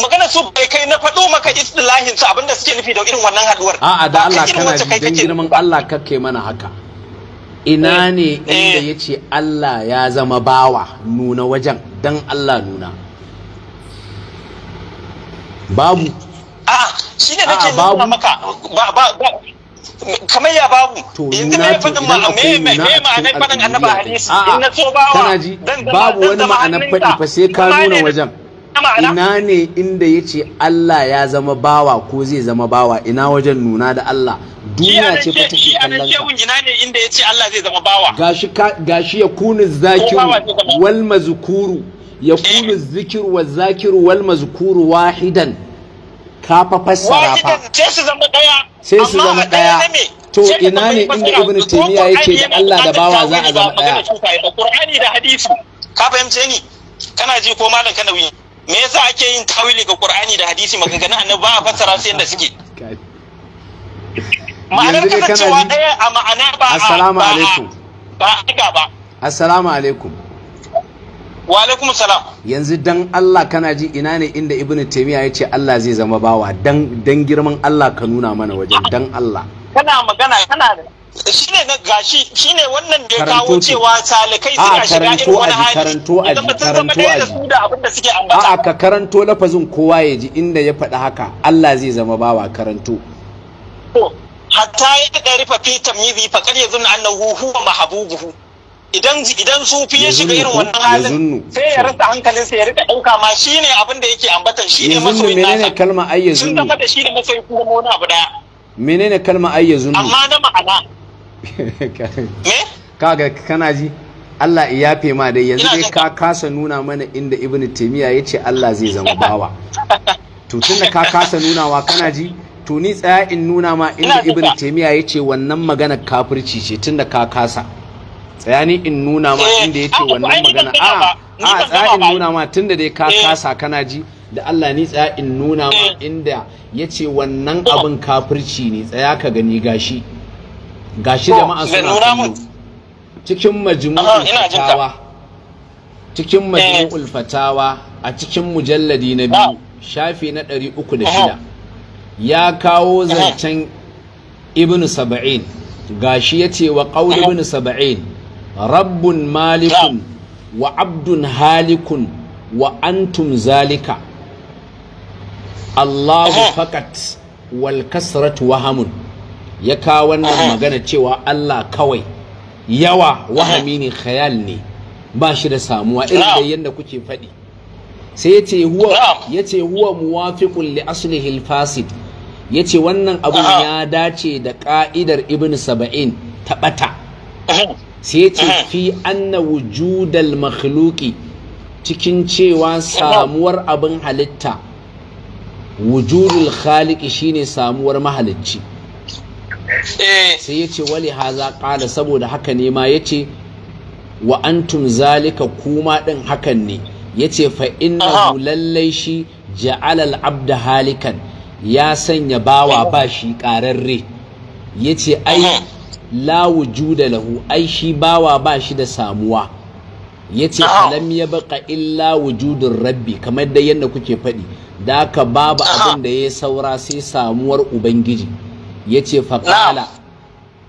magana su bai kai na faɗo maka istilahin su abinda suke nufi da irin wannan haduwar a'a da Allah kana ji dan girman Allah kake mana haka ina eh, ne inda eh. yace Allah ya zama bawa nuna wajen dan Allah nuna babu shi ne nake nuna maka ba ba kamar ya babu in kana ya faɗin ma me me me ne fadin annaba hadisi in na so bawa kana dan babu wani ma'anar fadi fa sai ka nuna wajen ina ne inda yace Allah ya zama bawa ko zai zama bawa ina wajen nuna da Allah duniya ce fa take kallon ka ina ne inda yace Allah zai zama bawa gashi gashi ya kunu zakiru wal mazkuru يقول الذكر والذاكر والمذكور واحدا كافا فسرا فا سيس زما قيا to ina ne inda ibnu taymiya yake da Allah da bawa za a zama daya Qur'ani da hadisi ka fahimce ni kana ji ko malam kanawi me yasa ake yin tawili ga Qur'ani da hadisi maganganun annabi ba a fassara su yadda suke ma'anar kasancewa daya a ma'ana ba a ba ba assalamu alaikum wa alaikum salam yanzu dan Allah kana ji ina ne inda ibnu taymiya ya ce Allah zai zama bawa dan dan girman Allah ka nuna mana wajen dan Allah kana magana kana shine na gashi shine wannan da ya kawo cewa salikai suna shiga irin wani hali karanto a ji karanto a ji da abin da suke ambata a'a ka karanto lafazin kowa ya ji inda ya faɗi haka Allah zai zama bawa karanto hatta ya da rufa fi tamyizi fa kar yazun annahu huwa mahbubuhu idan idan sufi ya shiga irin wannan halin sai ya rasa sai ya rika dauka ma shine abin da yake ambatan shine masoyin nasa menene kalma ai sun da shine masoyin kuma wani abu daya menene kalma ai yazunnu amma na ma'ana me kaga kana ji Allah ya fe ma dai yanzu dai ka kasa nuna mana inda Ibn Taymiyyah ya ce Allah zai zama bawa to tunda ka kasa nuna wa kana ji to ni tsaya in nuna ma inda Ibn Taymiyyah ya ce wannan magana kafirci ce tunda ka kasa tsayani in nuna ma eh, inda yake wannan magana a a tsayani nuna ma tunda dai ka eh. kasa kana ji da Allah ni tsaya in nuna ma eh. inda yace wannan oh. abin kafirci ne tsaya ka gani gashi gashi oh, jama'a suna kallo cikin majmu'ul fatawa cikin majmu'ul fatawa a cikin mujalladi na biyu oh. shafi na da shida. ya kawo zancen ibnu saba'in gashi ya ce wa ibnu saba'in rabbun malikun wa abdun halikun wa zalika Allahu fakat wal wahamun ya kawo wannan magana cewa Allah kawai yawa wahami ne khayal ne ba shi da samuwa irin da yadda kuke faɗi sai ya ce huwa ya ce huwa li aslihi fasid ya ce wannan abun ya dace da ƙa'idar ibn Sabin ta ɓata sai ya ce fi anna wujudal makhluki cikin cewa samuwar abin halitta wujudul khaliki shine samuwar mahalicci eh. sai ya ce wali haza ƙala saboda haka ne ma ya ce wa antum zalika kuma din hakan ne ya ce fa inna lallai shi ja'alal abda halikan ya sanya bawa ba shi ƙararre ya ce ai la wujuda lahu ai shi bawa ba shi da samuwa yace alam ya baka illa wujudin rabbi kamar da yadda kuke faɗi da babu abin da ya saura sai samuwar ubangiji yace faqala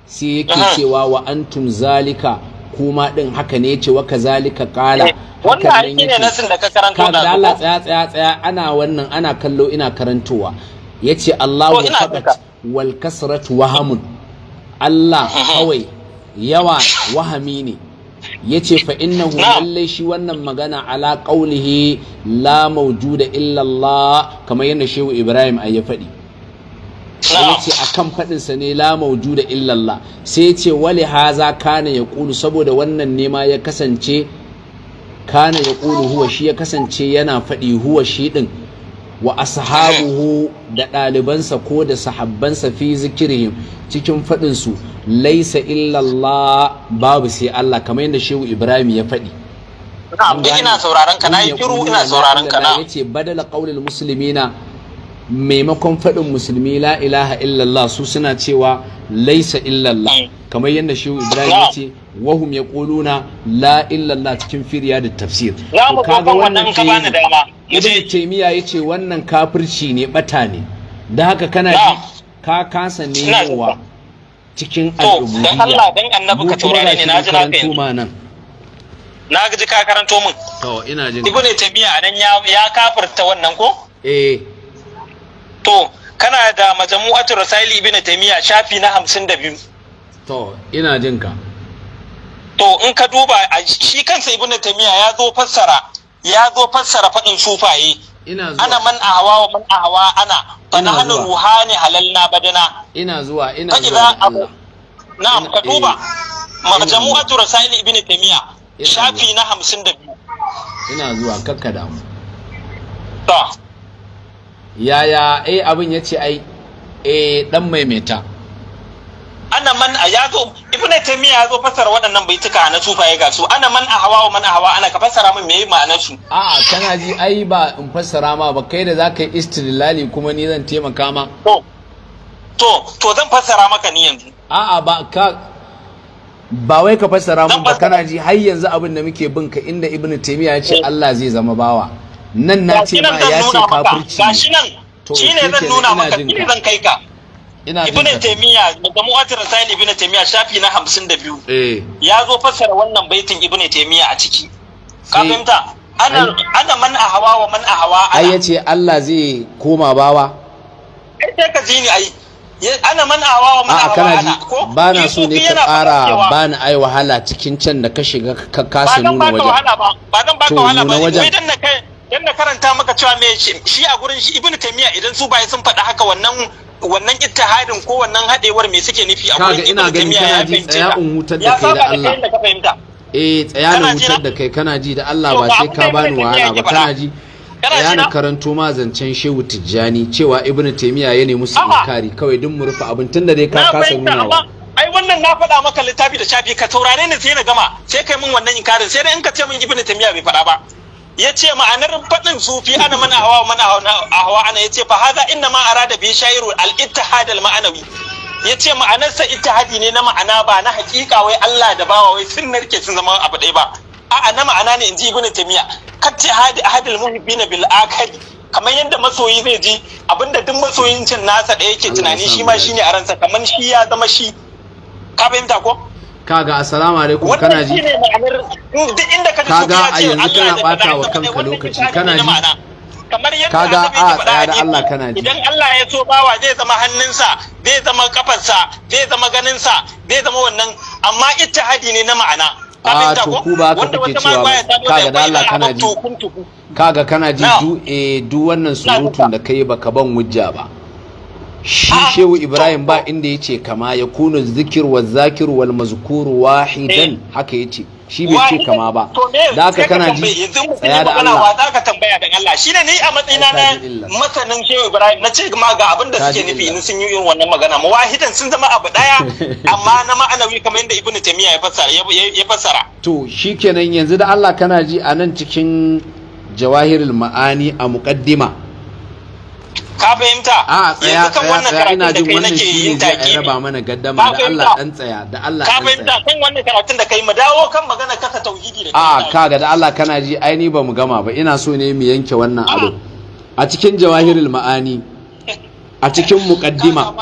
sai yake cewa wa antum zalika kuma din haka ne yace wa kazalika qala eh, wannan shine nasin da ka Allah tsaya tsaya tsaya ana wannan ana kallo ina karantowa yace Allahu fadat wal kasratu wahamun Allah kawai yawa wahami ne ya ce fa innahu shi wannan magana ala qaulihi la mawjuda da illallah kamar yadda shehu Ibrahim a ya faɗi ya ce a kan faɗinsa ne la mawjuda da illallah. sai ya ce wale haza kana ya ƙulu saboda wannan nema ya kasance kane ya ƙulu huwa shi ya kasance yana faɗi huwa shi ɗin wa ashabuhu da ɗalibansa ko da sahabbansa fi zikirihim cikin faɗinsu laisa illallah babu sai Allah kamar yadda shehu Ibrahim ya faɗi. ina sauraron ka na yi kiru ina sauraron ka na. Yace badala qaulil musulmina maimakon faɗin musulmi la ilaha illallah su suna cewa laisa illallah mm. kamar yadda shi ibrahim ya ce wahum ya ƙuluna la illallah cikin firiya da tafsir kaga wannan fiye ibn taymiya ya ce wannan kafirci ne bata ne da haka kana ji ka kasa yawa cikin al'ubudiyya mu kuma ga shi na karanto ma nan na ji ka karanto min to ina jin ibn taymiya nan ya kafirta wannan ko eh to kana da majamu'atu rasaili ibn taymiya shafi na hamsin da biyu? to ina jin ka to in ka duba shi kansa ibn taymiya ya zo fassara ya zo fassara fadin sufaye ina zuwa ana man ahawa wa man ahawa ana hana na hanu ruhani halalna badana ina zuwa ina zuwa abu na'am ka duba majamu'atu rasaili ibn taymiya shafi na hamsin da biyu. ina zuwa kakka damu yaya eh abin ya ce ai e dan maimaita ana man a ya zo ibn taymiya ya zo fassara waɗannan baituka na tufa ga su ana man a hawa man a hawa ana ka fasara min meye ma'anar su a'a kana ji ai ba in fassara ma ba kai da zaka yi istilali kuma ni zan taimaka ma to to zan fassara maka ni yanzu a'a ba ka ba wai ka fasara mun ba kana ji har yanzu abin da muke bin ka inda ibn taymiya ya ce eh. Allah zai zama bawa nan na ce ma ya ce Ga gashi nan shi ne zan nuna maka shi ne zan kai ka ibn taymiya da mu'atir rasail ibn taymiya shafi na 52 eh ya zo fassara wannan baitin ibn taymiya a ciki ka fahimta ana ana man ahawa wa man ahawa ai yace Allah zai koma bawa kai sai ka ji ni ai ana man ahawa wa man ahawa ana ko ba na so ne ka fara ba na ai wahala cikin can da ka shiga ka kasa nuna wajen ba dan baka wahala ba ba dan baka wahala ba idan na kai Yan karanta maka cewa me shi a gurin shi ibnu taymiya idan su bai sun faɗi haka wannan wannan ittihadin ko wannan haɗewar me suke nufi a gurin ibnu taymiya ya fahimce ya hutar da kai da Allah fahimta eh tsaya na hutar da kai kana ji da Allah ba sai ka bani wahala ba kana ji ya na karanto ma zancen shehu tijjani cewa ibnu taymiya ya nemi su inkari kawai din mu rufe abin tunda dai ka kasa nunawa ai wannan na faɗa maka littafi da shafi ka taurare ni sai na gama sai kai min wannan inkarin sai dai in ka ce min ibnu taymiya bai faɗa ba ya ce ma'anar faɗin sufi ana mana hawa mana hawa ana ya ce fa haza inna ma arada bi shayru al ittihad al ma'anawi ya ce ma'anar ma'anarsa ittihadi ne na ma'ana ba na hakika wai Allah da bawa wai sun narke sun zama abu ɗaya ba a'a na ma'ana ne inji ibnu tamiya katti hadi ahadil muhibbina bil akari kamar yadda masoyi zai ji abinda duk masoyin cin nasa da yake tunani shi ma shine a ransa kamar shi ya zama shi ka fahimta ko kaga assalamu alaikum kana ji kaga a yanzu kana bata wa kanka lokaci kana ji kaga a tsaya da Allah kana ji idan Allah ya so bawa zai zama hannunsa zai zama kafarsa zai zama ganinsa zai zama wannan amma ittihadi ne na ma'ana a to ku ba ka kuke cewa kaga da Allah kana ji kaga kana ji duk eh, wannan surutun da kai baka ban wujja ba shi ah, shehu ibrahim ba inda ya ce kama ya kuna zikir wa zakir wal mazkur wahidan eh. haka ya ce shi bai ce kama ba da haka kana ji tsaya da Allah wa zaka tambaya Allah shine ni a matsayina na masanin shehu ibrahim na ce ma ga abin da suke nufi ni sun yi irin wannan magana wahidan sun zama abu daya amma na ma'anawi kamar yadda ibnu tamiya ya fassara ya fassara to shikenan yanzu da Allah kana ji a nan cikin jawahirul ma'ani a muqaddima ka fahimta a tsaya tsaya tsaya ina jin wannan shi ne zai raba mana gaddama da Allah dan tsaya da Allah ka fahimta kan wannan karatun da kai mu dawo kan magana kasa tauhidi da a kaga da Allah kana ji ai ni ba mu gama ba ina so ne mu yanke wannan abu a cikin jawahirul ma'ani a cikin mukaddima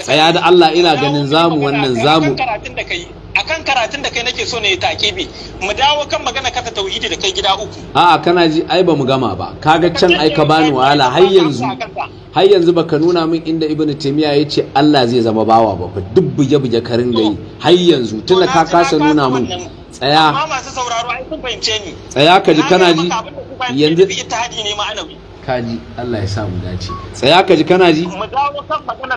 tsaya da Allah ina ganin zamu wannan zamu akan karatun da kai nake so ne takibi mu dawo kan magana kata tauhidi da kai gida uku a'a kana ji ai ba mu gama ba kaga can ai ka bani wahala har yanzu har yanzu baka nuna min inda ibn taymiya ya ce Allah zai zama bawa ba ba duk buge buge karin yi. har yanzu tunda ka kasa nuna min tsaya amma masu sauraro ai sun fahimce ni tsaya ka ji kana ji yanzu ittihadi ne anabi kaji Allah ya sa mu dace tsaya ka ji kana ji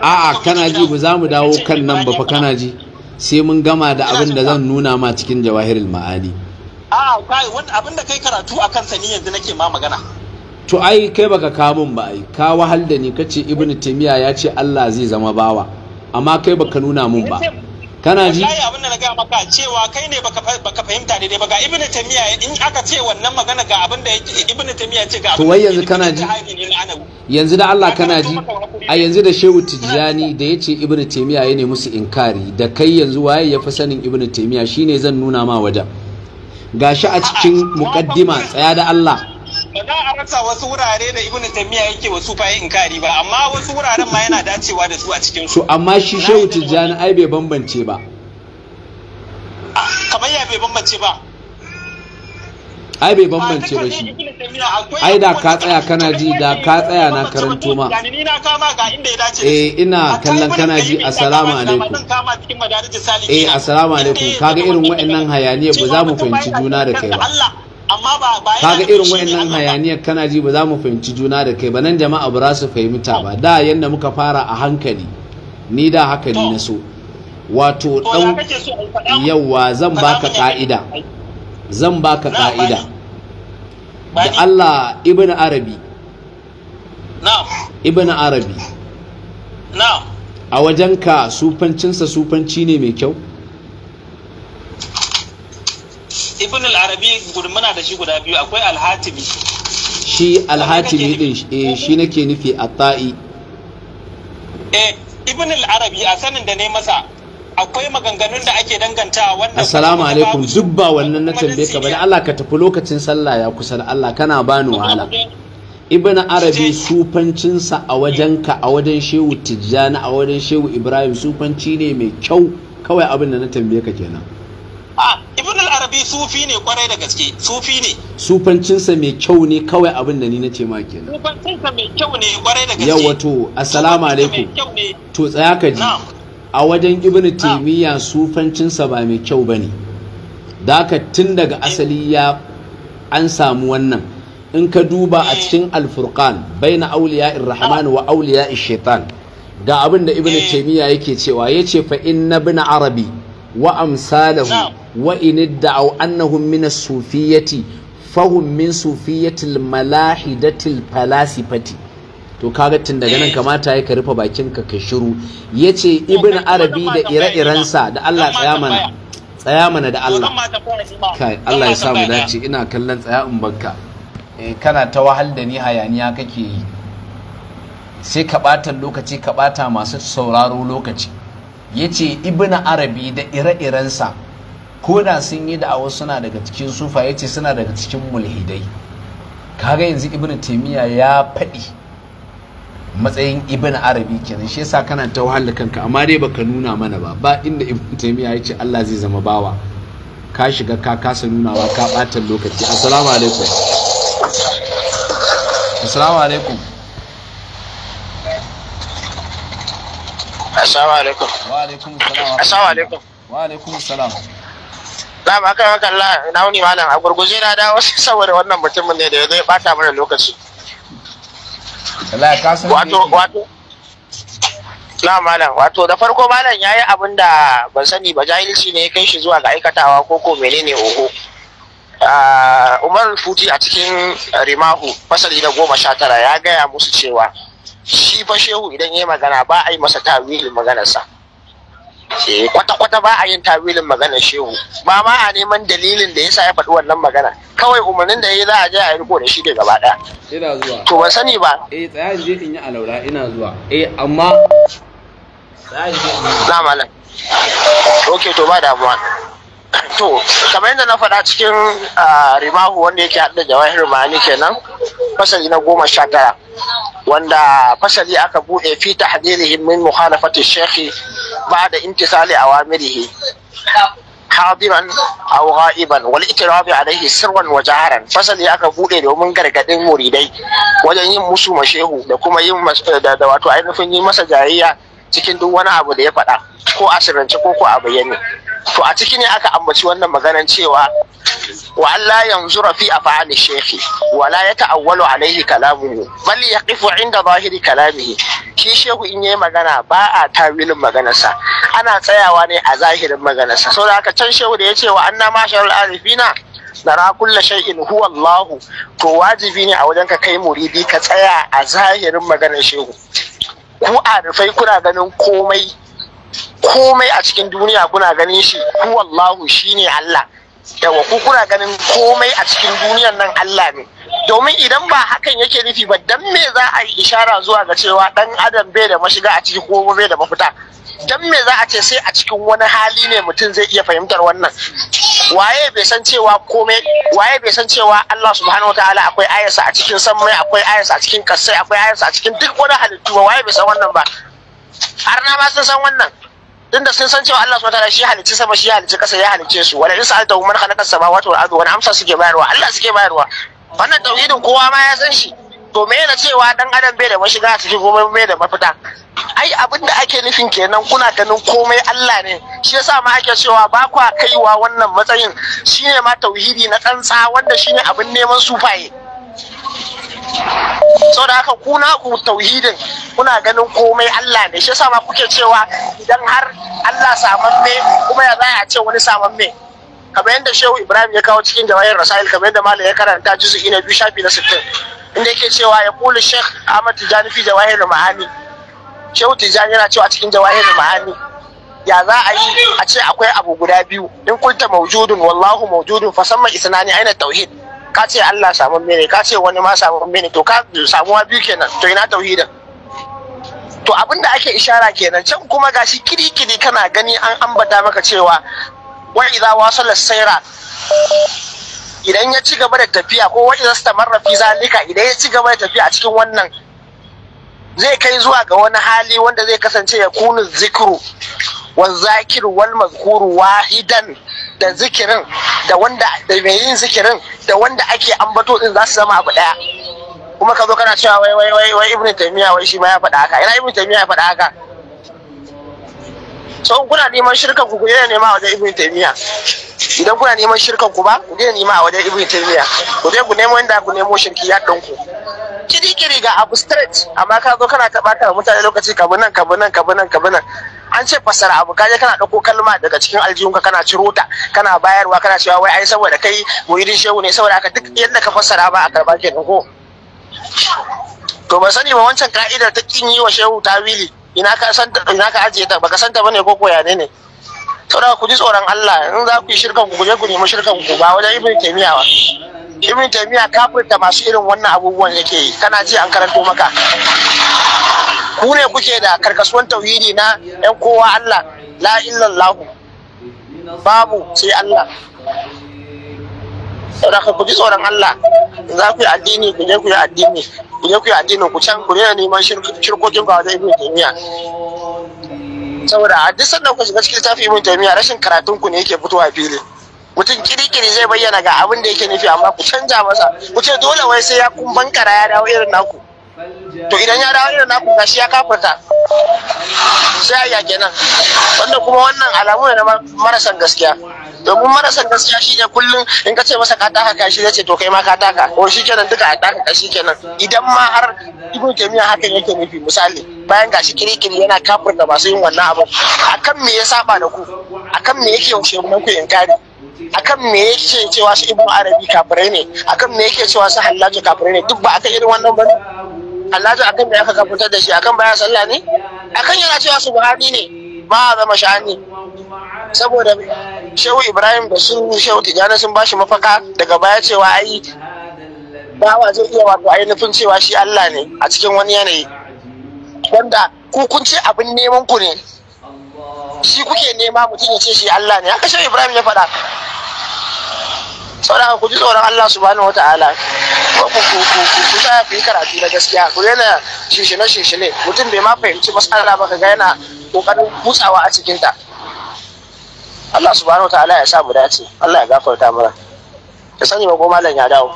a'a kana ji ba za mu dawo kan nan ba fa kana ji sai mun gama da abin da zan nuna ma cikin jawahirul ma'ani a'a kai wanda abin da kai karatu akan sa ni yanzu nake ma magana to ai kai baka kawo min ba ai ka wahal da ni kace ibnu taymiya ya ce Allah zai zama bawa amma kai baka nuna mun ba kana ji wallahi abin da na ga maka cewa kai ne baka fahimta dai ba ga ibnu tamiya in aka ce wannan magana ga abin da ibnu tamiya ce ga to wai yanzu kana ji yanzu da Allah kana ji a yanzu da Shehu Tijjani da yace ibnu tamiya ya ne musu inkari da kai yanzu waye ya fa sanin ibnu tamiya shine zan nuna ma wajen gashi a cikin muqaddima tsaya da Allah an wasu wurare da ibn tamiya yake wasu fa in kari ba amma wasu wuraren ma yana dacewa da su a cikin su amma shi shehu tijjani ai bai bambance ba kamar ya bai bambance ba ai bai bambance ba shi ai da ka tsaya kana ji da ka tsaya na karanto ma eh ina kallon kana ji assalamu alaikum eh assalamu alaikum kaga irin wa'annan hayaniya ba za mu fahimci juna da kai ba Allah kaga irin wayannan hayaniyar kana ji ba za mu fahimci juna da kai ba nan jama'a ba za su fahimta ba da yanda muka fara a hankali ni da haka ni na so wato dan yawa zan baka ka'ida zan baka ka'ida da Allah ibn arabi ibn arabi a wajenka sufancinsa sufanci ne mai kyau ibn al-arabi muna da shi guda biyu akwai al-hatimi shi al-hatimi din eh, shi nake nufi at-ta'i eh ibn al-arabi a sanin da ne masa akwai maganganun da ake danganta wannan assalamu alaikum duk ba wannan na tambaye ka bane Allah ka tafi lokacin sallah ya kusa da Allah kana bani wahala ibn arabi sufancinsa a wajenka a wajen shehu tijjani a wajen shehu ibrahim sufanci ne mai kyau kawai abin da na tambaye ka kenan ah, ibn bi sufi ne kwarai da gaske sufi ne sufancinsa mai kyau ne kawai abin da ni na ce ma kenan sufancinsa mai kyau ne kwarai da gaske yau to assalamu alaikum to tsaya ka ji a wajen ibn taymiya sufancinsa ba mai kyau bane da ka tun daga eh. asali ya an samu wannan in ka duba a eh. cikin alfurqan baina in rahman wa in Shetan. ga abin da ibn eh. taymiya yake cewa yace fa inna ibn arabi wa amsalahu wa in da'aw annahum min as-sufiyyati fahum min sufiyyatil malahidatil falasifati to kaga tun daga nan eh. kamata ya ka rufe bakinka ka shiru yace ibn arabi da ire-irensa da Allah tsaya mana tsaya mana da Allah kai Allah ya samu dace ina kallon tsaya in bakka eh, kana ta wahal da ni hayaniya kake yi sai ka ɓata lokaci ka ɓata masu sauraro lokaci ya ce ibina arabi da ire-irensa ko da sun yi da'awa suna daga cikin sufa ya ce suna daga cikin mulhidai kaga yanzu ibina taimiyya ya faɗi matsayin ibina arabi kenan shi yasa kana ta wahala kanka amma dai baka nuna mana ba ba inda ibina taimiyya ya ce Allah zai zama bawa ka shiga ka kasa nunawa ka ɓatan lokaci assalamu alaikum assalamu alaikum Assalamu alaikum. Wa alaikum salam. Assalamu alaikum. Wa alaikum salam. Na ba kai maka Allah na wuni malam a gurguje na dawo saboda wannan mutumin ne da ya zai bata mana lokaci. Allah ka san wato wato Na malam wato da farko malam yayi abin da ban sani ba jahilci ne ya kai shi zuwa ga aikatawa ko ko menene oho. Umar Futi a cikin Rimahu fasali na goma sha tara ya gaya musu cewa shi fa shehu idan ya magana ba a yi masa tawilin maganarsa eh, kwata-kwata ba a yin tawilin maganar shehu ba ma a neman dalilin da yasa ya faɗi wannan magana kawai umarnin da ya za a je a yi riko da shi da gaba ɗaya ina zuwa to ban sani ba eh tsaya je in yi alaura ina zuwa eh amma tsaya je in yi na malam ok to ba damuwa to kamar yadda na faɗa cikin rimahu wanda yake haɗu da jawahir mani kenan fasali na goma sha tara wanda fasali aka buɗe fi tahdidihim min mukhalafati shekhi ba'da a a iban aw ghaiban wal itirabi alaihi sirran wa jaharan fasali aka buɗe domin gargadin muridai wajen yin musu mashehu da kuma yin da wato ainihin yi masa jayayya cikin duk wani abu da ya faɗa ko a sirrance ko ko a bayyane to a ciki ne aka ambaci wannan maganan cewa wa Allah yanzu rafi a fa'ali shekhi wa la ya ta'awwalu alaihi kalamuhu bal yaqifu inda zahiri kalamihi ki shehu in yayi magana ba a tawilin maganarsa ana tsayawa ne a zahirin maganarsa saboda haka can shehu da ya ce wa anna masharul arifina nara kulla shay'in huwa Allahu to wajibi ne a wajen ka kai muridi ka tsaya a zahirin maganar shehu ku a rufai kuna ganin komai komai a cikin duniya kuna ganin shi ku wallahu shine Allah yawa ku kuna ganin komai a cikin duniyan nan Allah ne domin idan ba hakan yake nufi ba dan me za a yi ishara zuwa ga cewa dan adam bai da mashiga a ciki ko bai da mafita dan me za a ce sai a cikin wani hali ne mutum zai iya fahimtar wannan waye bai san cewa komai waye bai san cewa Allah subhanahu wataala akwai ayarsa a cikin sammai akwai ayarsa a cikin kasai akwai ayarsa a cikin duk wani halittu ba waye bai san wannan ba har na ba sun san wannan tunda sun san cewa Allah subhanahu wataala shi halicci sama shi halicci kasa ya halicce su wala insa alta man khalaqa samawati wal ardi wani amsa suke bayarwa Allah suke bayarwa wannan tauhidin kowa ma ya san shi to me na cewa dan adam bai da mashiga a cikin komai bai da mafita ai abin da ake nufin kenan kuna ganin komai Allah ne shi yasa ma ake cewa ba kwa kaiwa wannan matsayin shine ma tauhidi na tsantsa wanda shine abin neman sufaye so da haka kuna ku tauhidin kuna ganin komai Allah ne shi yasa ma kuke cewa idan har Allah samamme kuma ya zaya ce wani samamme kamar yadda Shehu Ibrahim ya kawo cikin jawahir Rasail kamar yadda Malam ya karanta juzu'i na biyu shafi na sittin. inda yake cewa ya kula Sheikh Ahmad Tijani fi jawahir ma'ani Shehu Tijani yana cewa cikin jawahir ma'ani ya za a yi a ce akwai abu guda biyu in kunta maujudun wallahu maujudun fa samma isnani aina tauhid ka ce Allah samun mene ka ce wani ma samun mene to ka samuwa biyu kenan to ina tauhida to abin da ake ishara kenan can kuma gashi kiri-kiri kana gani an ambata maka cewa wa idza wasala saira idan ya ci gaba da tafiya ko wajen su ta fi zalika idan ya ci gaba da tafiya a cikin wannan zai kai zuwa ga wani hali wanda zai kasance ya kunu zikru wa zakiru wal mazkuru wahidan da zikirin da wanda da mai yin zikirin da wanda ake ambato din za su zama abu daya kuma ka zo kana cewa wai wai wai ibnu taymiya wai shi ma ya faɗa haka ina ibnu taymiya ya faɗa haka so kuna neman shirkan ku ku daina nema a wajen ibn taymiya idan kuna neman shirkan ku ba ku daina nema a wajen ibn taymiya ku dai ku nemo inda ku nemo shirki ya dan ku kirikiri ga abu straight amma ka zo kana ta mutane lokaci kabu nan kabu nan kabu nan kabu nan an ce fasara abu kaje kana ɗauko kalma daga cikin aljihunka kana ciro ta kana bayarwa kana cewa wai ai saboda kai muridin shehu ne saboda haka duk yadda ka fasara ba a karɓar kenan ko to ba sani ba wancan ka'idar ta kin yi wa shehu tawili ina ka san ina ka ajiye ta baka san ta bane ko koya ne ne saboda ku ji tsoron Allah in za ku yi shirkan ku je ku nemi shirkan ku ba wajen ibn taymiya ba ibn taymiya kafirta masu irin wannan abubuwan yake yi kana ji an karanto maka ku ne kuke da karkasuwan tauhidi na yan kowa Allah la illallahu babu sai Allah saboda ka ji tsoron Allah za ku yi addini ku je ku yi addini ku je ku yi addini ku can ku rena neman shirkokin ba wajen ibn taymiya saboda a duk sannan ku shiga cikin tafi ibn taymiya rashin karatun ku ne yake fitowa fili mutum kirikiri zai bayyana ga abin da yake nufi amma ku canja masa ku ce dole wai sai ya kumban kara ya dawo irin naku to idan ya dawo irin naku gashi ya kafurta sai ya kenan wanda kuma wannan alamu ne na marasan gaskiya domin marasa gaskiya shi ne kullum in ka ce masa ka taka shi zai ce to kai ma ka taka ko shi kenan duka a taka ka shi kenan idan ma har ibn miya hakan yake nufi misali bayan gashi kirikiri yana kafur da masu yin wannan abu akan me ya saba da ku akan me yake yaushe mun ku inkari akan me yake cewa su ibn arabi kafirai ne akan me yake cewa su hallaji kafirai ne duk ba aka irin wannan bane hallaji akan me aka kafuta da shi akan baya sallah ne akan yana cewa su buhari ne ba zama sha'ani saboda shehu ibrahim da su shehu tijjani sun bashi mafaka daga baya cewa ai bawa zai iya wato ainihin cewa shi allah ne a cikin wani yanayi wanda ku kun ce abin neman ku ne shi kuke nema mutum ya ce shi allah ne haka shehu ibrahim ya faɗa saboda ku ji tsoron allah subhanahu wa ta'ala ku tsaya ku yi karatu na gaskiya ku yana shishine-shishine mutum bai ma fahimci masala ba ka ga yana kokarin kutsawa a cikinta. ta Allah subhanahu wa ta'ala ya sa mu dace Allah ya gafarta mana da sani ba ko malam ya dawo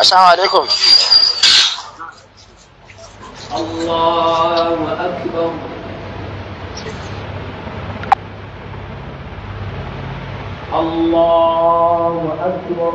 assalamu alaikum Allahu akbar Allahu akbar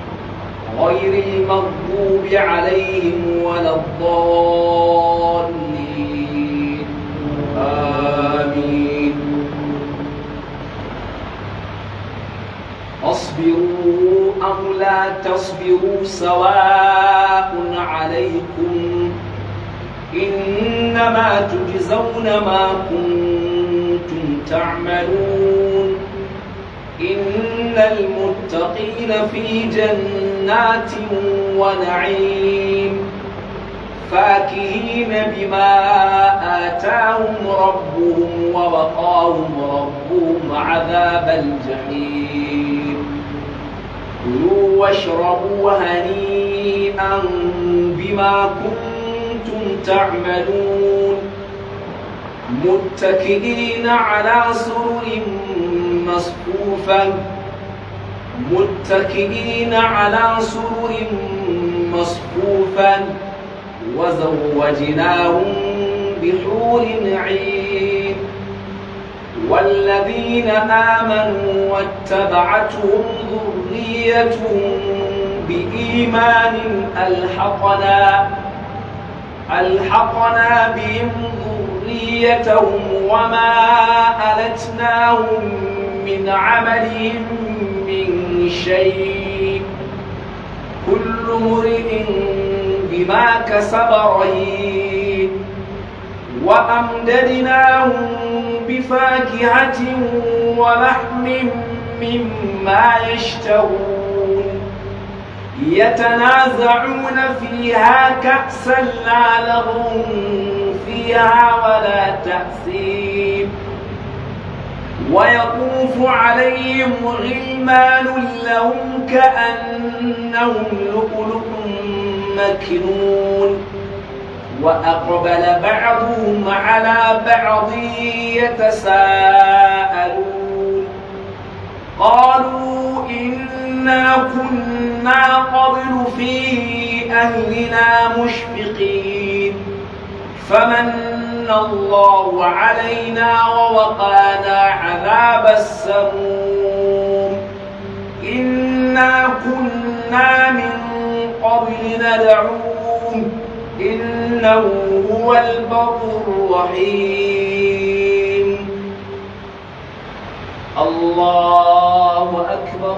غير المغضوب عليهم ولا الضالين آمين اصبروا أو لا تصبروا سواء عليكم إنما تجزون ما كنتم تعملون إن المتقين في جنات ونعيم فاكهين بما آتاهم ربهم ووقاهم ربهم عذاب الجحيم كلوا واشربوا هنيئا بما كنتم تعملون متكئين على سرر مصفوفا متكئين على سرر مصفوفا وزوجناهم بحور عين والذين آمنوا واتبعتهم ذريتهم بإيمان ألحقنا ألحقنا بهم ذريتهم وما ألتناهم من عملهم من شيء كل امرئ بما كسب رهين وأمددناهم بفاكهة ولحم مما يشتهون يتنازعون فيها كأسا لا لهم فيها ولا تاثير ويطوف عليهم غلمان لهم كأنهم لؤلؤ مكنون وأقبل بعضهم على بعض يتساءلون قالوا إنا كنا قبل في أهلنا مشفقين فمن الله علينا ووقانا عذاب السموم إنا كنا من قبل ندعوه إنه هو البر الرحيم الله أكبر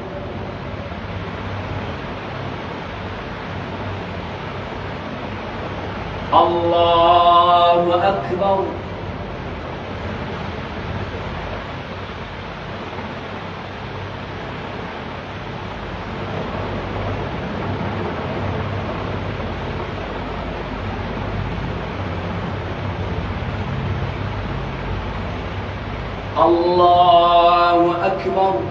الله أكبر الله أكبر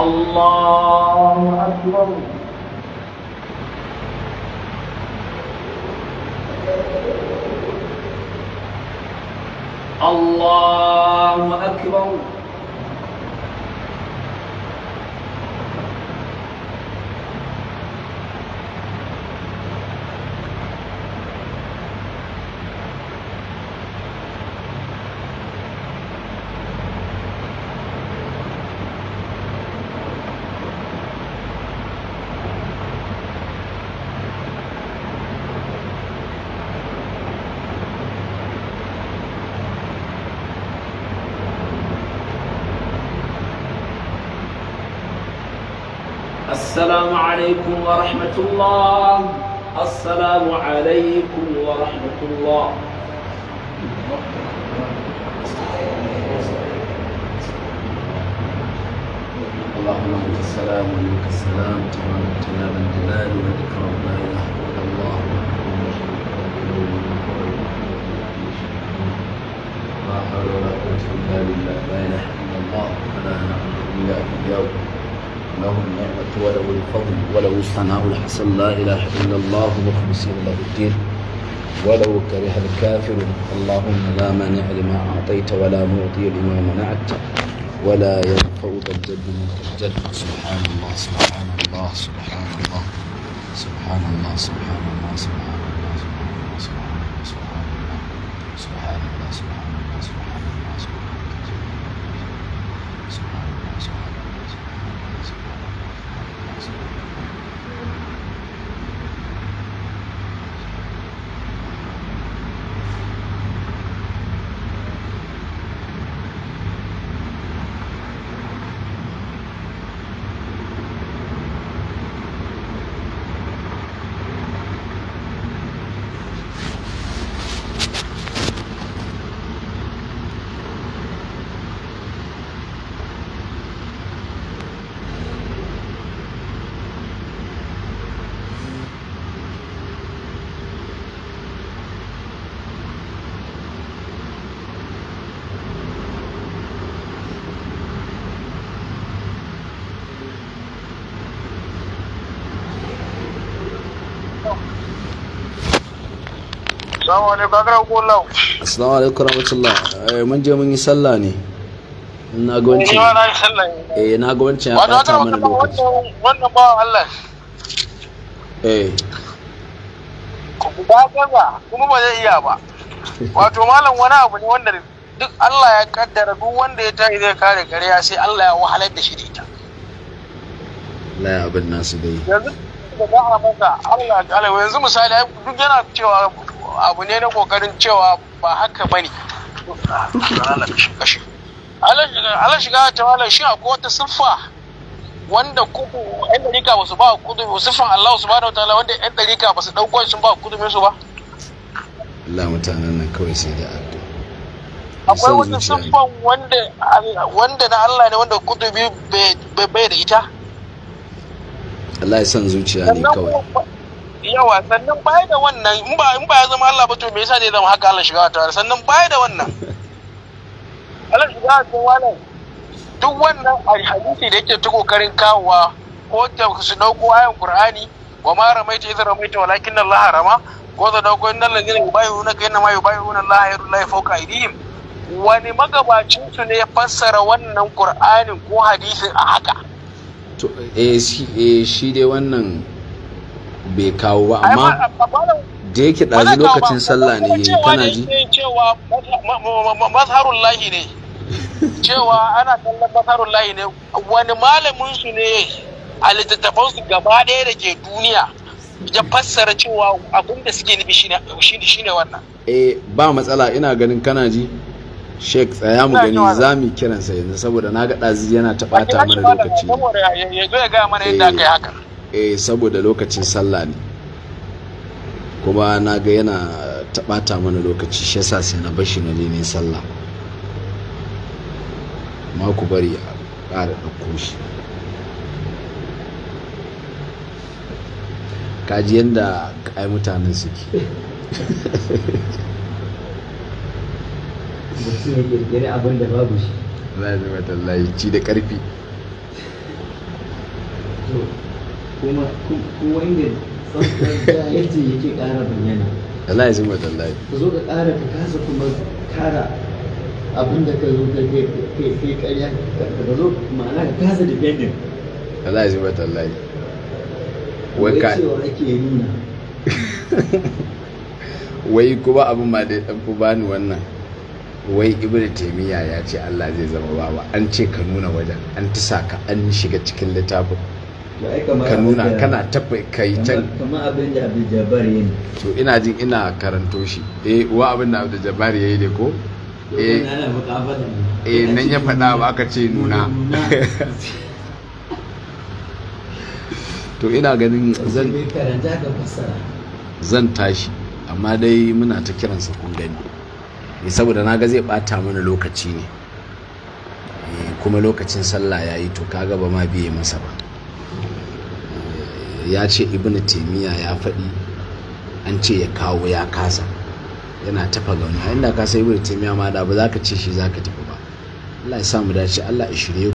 الله أكبر الله أكبر عليكم ورحمة الله السلام عليكم ورحمة الله اللهم انت السلام ومنك السلام تمام تمام الجلال والاكرام لا اله الا الله لا حول ولا قوه الا بالله لا اله الا الله فلا نعبد الا اياه له النعمة وله الفضل وله الثناء الحسن لا إله إلا الله مخلصين له الدين ولو كره الكافر اللهم لا مانع لما أعطيت ولا معطي لما منعت ولا ينفع ذا الجد منك الجد سبحان الله سبحان الله سبحان الله سبحان الله سبحان الله سبحان الله Assalamu alaikum akara ko Allah. Assalamu alaikum rahmatullah. Eh mun je mun yi sallah ne. Na ga wancan. Eh na gwancin wancan ya bata mana lokaci. Wannan ba Allah. Eh. Ba ba kuma ba zai iya ba. Wato malam wani abu ne wanda duk Allah ya kaddara duk wanda ya tashi zai kare kariya sai Allah ya wahalar da shi da ita. Allah ya abin nasu bai. Yanzu da ba a maka Allah ya kalewa yanzu misali duk yana cewa abu ne na kokarin cewa ba haka bane ala shiga ta wala shi akwai wata siffa wanda kuku yan dalika ba su ba kudubi siffan Allah subhanahu ta'ala wanda yan dalika ba su dauko sun ba kudumin su ba Allah mutanen nan kawai sai da addu akwai wata siffan wanda wanda na Allah ne wanda kudubi bai da ita Allah ya san zuciya ne kawai yawa sannan baya da wannan in ba in ba ya zama Allah ba to me yasa ne zama haka Allah shiga ta sannan baya da wannan Allah shiga ta wannan duk wannan hadisi da yake ta kokarin kawowa ko ta su dauko ayan Qur'ani wa ma ramaita idh ramaita walakin Allah harama ko za dauko innal ladina yubayuna ka innama yubayuna Allah yaru la fawqa aydihim wani magabacin su ne ya fassara wannan Qur'anin ko hadisin a haka to eh shi eh, dai wannan bai kawo ba amma da yake ɗazu lokacin sallah ne yayi kana ji wani malamin ne a littattafan gaba ɗaya da ke duniya ya fassara cewa abin da suke nufi shine wannan eh ba matsala ina ganin kana ji Sheikh tsaya mu gani za mu kiransa yanzu saboda na ga ɗazi yana taɓata mara mana lokaci. Ya zo ya mana yadda eh. aka yi haka. eh saboda lokacin sallah ne kuma na ga yana taɓata mana lokaci shi yasa sai na bashi na ne sallah ma ku bari a ƙara ɗauko shi kaji yadda ƙai mutanen suke mutum abin da babu shi ci da ƙarfi kuma kuma inda jahilci yake ƙara bayyana Allah ya ji da dallahi ka zo ka ƙara ka kasa kuma ƙara abin da ka zo ka kai ƙarya ka zo ma'ana ka kasa defending Allah ya ji mu dallahi wai ka ake nuna wai kuma abin ma da ɗan fi bani wannan wai ibnu taimiyya ya ce Allah zai zama baba an ce ka nuna wajen an tisa ka an shiga cikin littafin ka nuna kana tabbai kai can kamar abin da abdul jabbar yi to ina jin ina karanto shi eh wa abin da abu jabbar yayi ne ko eh eh nan ya faɗa ba aka ce nuna to ina ganin zan zan tashi amma dai muna ta kiransa kun gani eh, saboda na ga zai bata mana lokaci ne eh, kuma lokacin sallah ya yi to kaga ba ma biye masa ba ya ce ibn taimiyya ya faɗi an ce ya kawo ya kasa yana tafa gauna inda kasa ibn taimiyya ma da ba za ka ce shi za ka tafi ba Allah ya sa mu dace Allah ya shirye